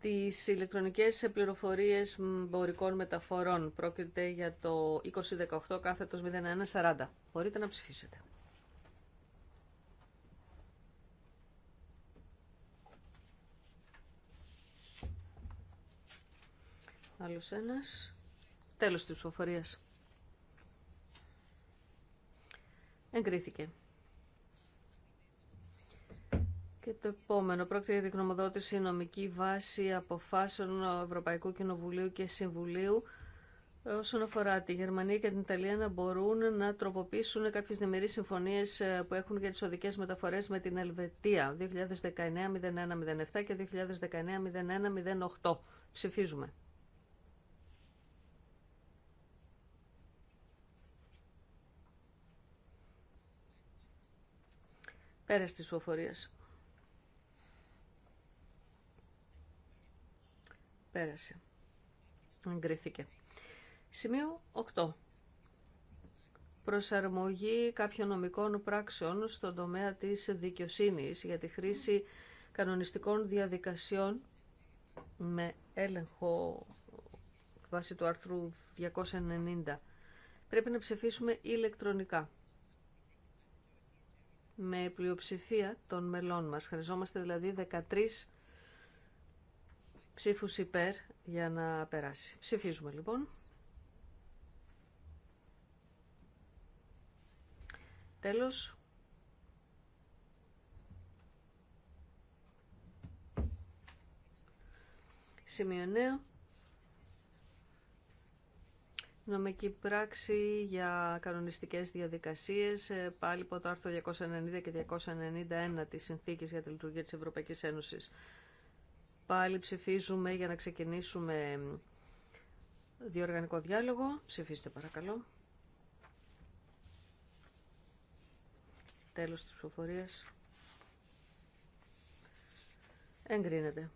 τις ηλεκτρονικές πληροφορίες εμπορικών μεταφορών. Πρόκειται για το 2018 κάθετος 0140. Μπορείτε να ψηφίσετε. Άλλος ένας. Τέλος της ψηφοφορίας. Εγκρίθηκε. Και το επόμενο πρόκειται για την γνωμοδότηση νομική βάση αποφάσεων Ευρωπαϊκού Κοινοβουλίου και Συμβουλίου όσον αφορά τη Γερμανία και την Ιταλία να μπορούν να τροποποιήσουν κάποιες διμερείς συμφωνίες ε, που έχουν για τις οδικές μεταφορές με την Ελβετία 2019-01-07 και 2019-01-08. Ψηφίζουμε. Πέρα στις φοφορίες. Πέρασε. Εγκρίθηκε. Σημείο 8. Προσαρμογή κάποιων νομικών πράξεων στον τομέα της δικαιοσύνης για τη χρήση κανονιστικών διαδικασιών με έλεγχο βάσει του άρθρου 290. Πρέπει να ψηφίσουμε ηλεκτρονικά με πλειοψηφία των μελών μας. Χρειαζόμαστε δηλαδή 13 ψήφους υπέρ για να περάσει. Ψηφίζουμε λοιπόν. Τέλος. Σημείο Νομική πράξη για κανονιστικές διαδικασίες, ε, πάλι από το άρθρο 290 και 291 της Συνθήκης για τη Λειτουργία της Ευρωπαϊκής Ένωσης. Πάλι ψηφίζουμε για να ξεκινήσουμε διοργανικό διάλογο. Ψηφίστε παρακαλώ. Τέλος της ψηφοφορίας. Εγκρίνεται.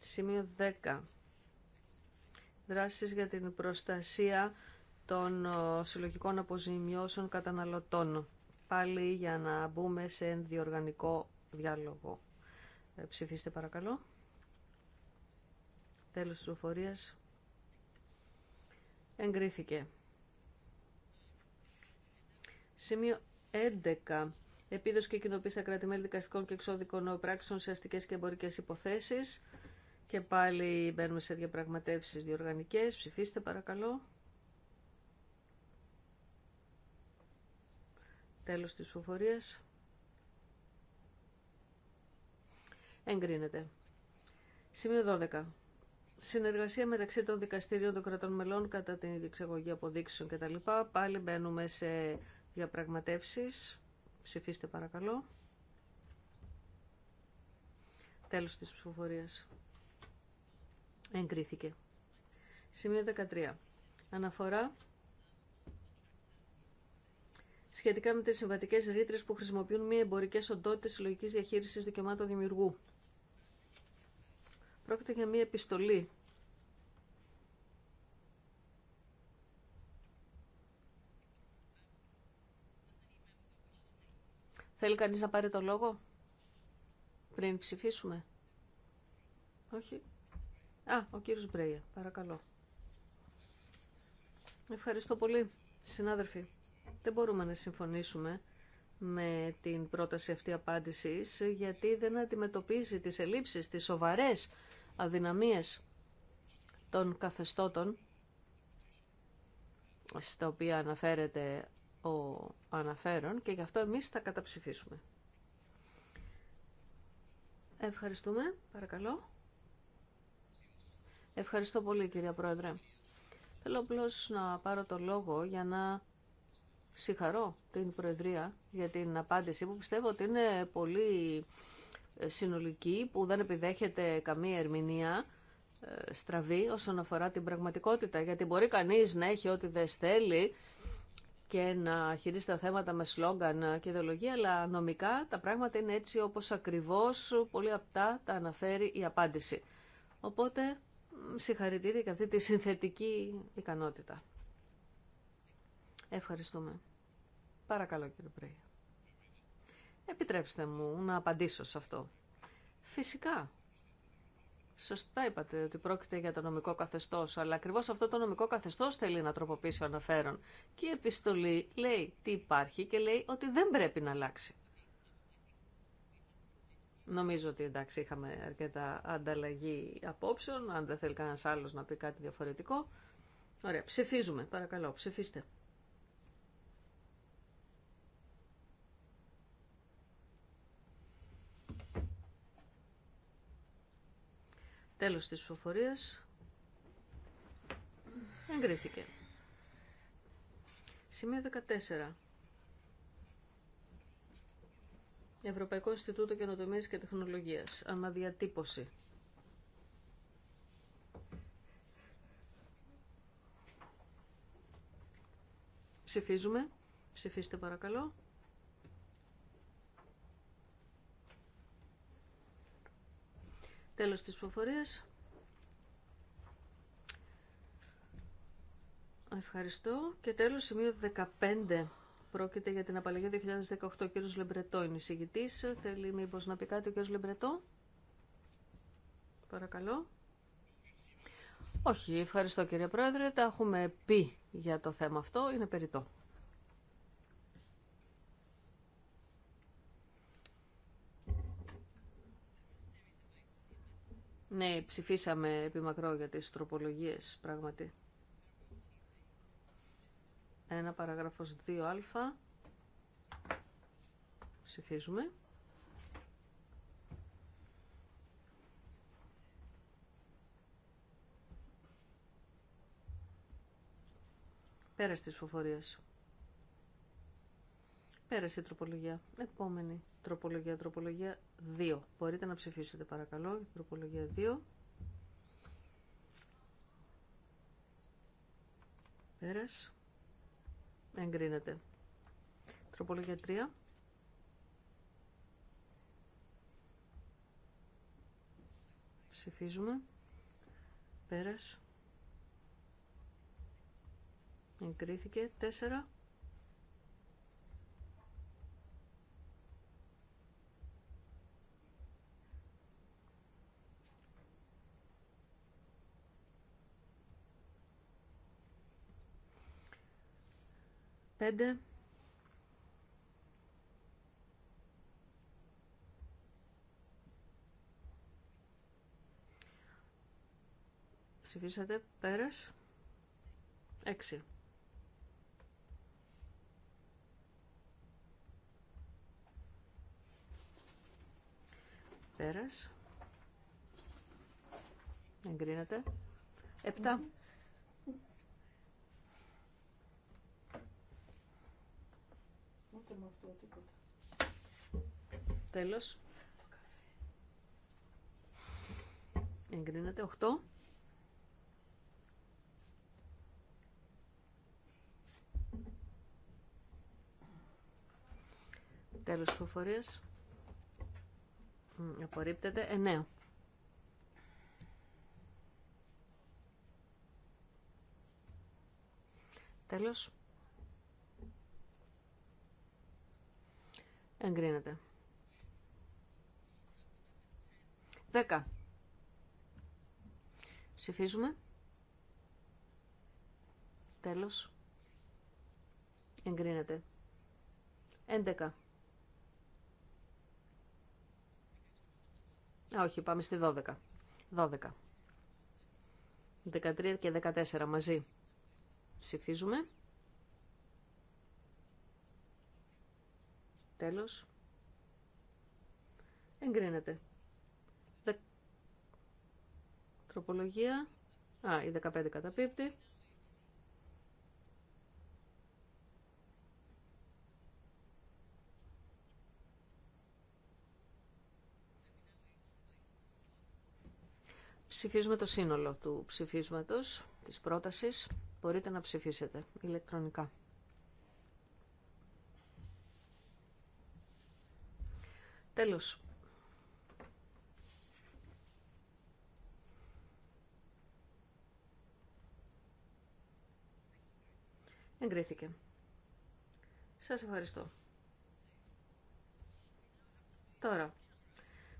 Σημείο 10 δράσεις για την προστασία των ε, συλλογικών αποζημιώσεων καταναλωτών. Πάλι για να μπούμε σε διοργανικό διάλογο. Ε, ψηφίστε παρακαλώ. Τέλος της προφορίας. Εγκρίθηκε. Σημείο 11. Επίδοση και κοινοποίηση στα κράτη-μέλη δικαστικών και εξώδικων πράξεων σε αστικέ και εμπορικέ υποθέσεις. Και πάλι μπαίνουμε σε διαπραγματεύσεις διοργανικές. Ψηφίστε παρακαλώ. Τέλος της ψηφοφορίας. Εγκρίνεται. Σημείο 12. Συνεργασία μεταξύ των δικαστήριων των κρατών μελών κατά την διεξαγωγή αποδείξεων κτλ. Πάλι μπαίνουμε σε διαπραγματεύσεις. Ψηφίστε παρακαλώ. Τέλος της ψηφοφορίας εγκρίθηκε. Σημείο 13. Αναφορά σχετικά με τις συμβατικές ρήτρες που χρησιμοποιούν μη εμπορικές οντότητες συλλογικής διαχείρισης δικαιωμάτων δημιουργού. Πρόκειται για μία επιστολή Θέλει κανείς να πάρει το λόγο πριν ψηφίσουμε. Όχι. Α, ο κύριος Μπρέια, παρακαλώ. Ευχαριστώ πολύ, συνάδελφοι. Δεν μπορούμε να συμφωνήσουμε με την πρόταση αυτή απάντηση, γιατί δεν αντιμετωπίζει τις ελλείψεις, τις σοβαρές αδυναμίες των καθεστώτων, στα οποία αναφέρεται ο αναφέρον και γι' αυτό εμείς θα καταψηφίσουμε. Ευχαριστούμε, παρακαλώ. Ευχαριστώ πολύ κυρία Πρόεδρε. Θέλω απλώ να πάρω το λόγο για να συγχαρώ την Προεδρία για την απάντηση που πιστεύω ότι είναι πολύ ε, συνολική, που δεν επιδέχεται καμία ερμηνεία ε, στραβή όσον αφορά την πραγματικότητα. Γιατί μπορεί κανείς να έχει ό,τι δεν θέλει και να χειρίζει τα θέματα με σλόγγαν και ιδεολογία, αλλά νομικά τα πράγματα είναι έτσι όπως ακριβώς πολύ απτά τα αναφέρει η απάντηση. Οπότε συγχαρητήρια για αυτή τη συνθετική ικανότητα. Ευχαριστούμε. Παρακαλώ κύριε Πρέη. Επιτρέψτε μου να απαντήσω σε αυτό. Φυσικά. Σωστά είπατε ότι πρόκειται για το νομικό καθεστώ, αλλά ακριβώ αυτό το νομικό καθεστώ θέλει να τροποποιήσει ο αναφέρον. Και η επιστολή λέει τι υπάρχει και λέει ότι δεν πρέπει να αλλάξει. Νομίζω ότι εντάξει είχαμε αρκετά ανταλλαγή απόψεων, αν δεν θέλει κανένας άλλος να πει κάτι διαφορετικό. Ωραία, ψηφίζουμε, παρακαλώ, ψηφίστε. Τέλος της ψηφοφορίας. Εγκρίθηκε. Σημείο 14. Ευρωπαϊκό Ινστιτούτο Καινοτομία και Τεχνολογία. Αναδιατύπωση. Ψηφίζουμε. Ψηφίστε παρακαλώ. Τέλος της προφορίας. Ευχαριστώ. Και τέλος σημείο 15. Πρόκειται για την απαλλαγή 2018. Ο κύριος Λεμπρετό είναι εισηγητής. Θέλει μήπως να πει κάτι ο κύριος Λεμπρετό. Παρακαλώ. Όχι, ευχαριστώ κύριε Πρόεδρε. Τα έχουμε πει για το θέμα αυτό. Είναι περιττό. Ναι, ψηφίσαμε επί μακρό για τις τροπολογίες, πράγματι. Ένα παραγράφος 2α. Ψηφίζουμε. Πέρασε τις φοφορίες. Πέρασε η τροπολογία. Επόμενη τροπολογία, τροπολογία 2. Μπορείτε να ψηφίσετε παρακαλώ, η τροπολογία 2. μπορειτε να ψηφισετε παρακαλω τροπολογια 2 περασε εγκρίνεται. Τροπολογία 3. Ψηφίζουμε. Πέρας. Εγκρίθηκε. 4. 5 ψηφίσατε πέρας 6 Πέρας. Εγκρίνεται. 7. αυτό τίποτα. Τέλος. Εγκρίνεται 8. Τέλος προφορίας. Απορρίπτεται 9. Τέλος. Εγκρίνεται. 10. Ψηφίζουμε. Τέλος. Εγκρίνεται. 11. Α, όχι, πάμε στη 12. 12. 13 και 14 μαζί. Ψηφίζουμε. Τέλος. Εγκρίνεται. Δε... Τροπολογία. Α, η 15 καταπίπτει. Ψηφίζουμε το σύνολο του ψηφίσματος, της πρότασης. Μπορείτε να ψηφίσετε ηλεκτρονικά. Τέλος. Εγκρίθηκε. Σας ευχαριστώ. Τώρα,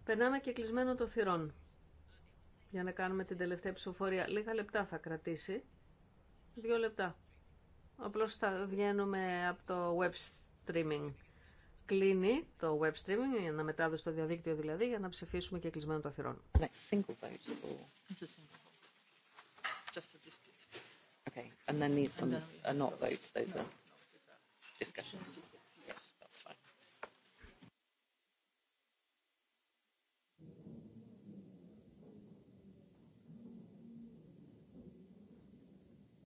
περνάμε και κλεισμένο το θυρών για να κάνουμε την τελευταία ψηφοφορία. Λίγα λεπτά θα κρατήσει. Δύο λεπτά. Απλώς θα βγαίνουμε από το web streaming κλείνει το web streaming, η αναμετάδοση στο διαδίκτυο δηλαδή, για να ψηφίσουμε και κλεισμένο το αθυρόν. Ναι,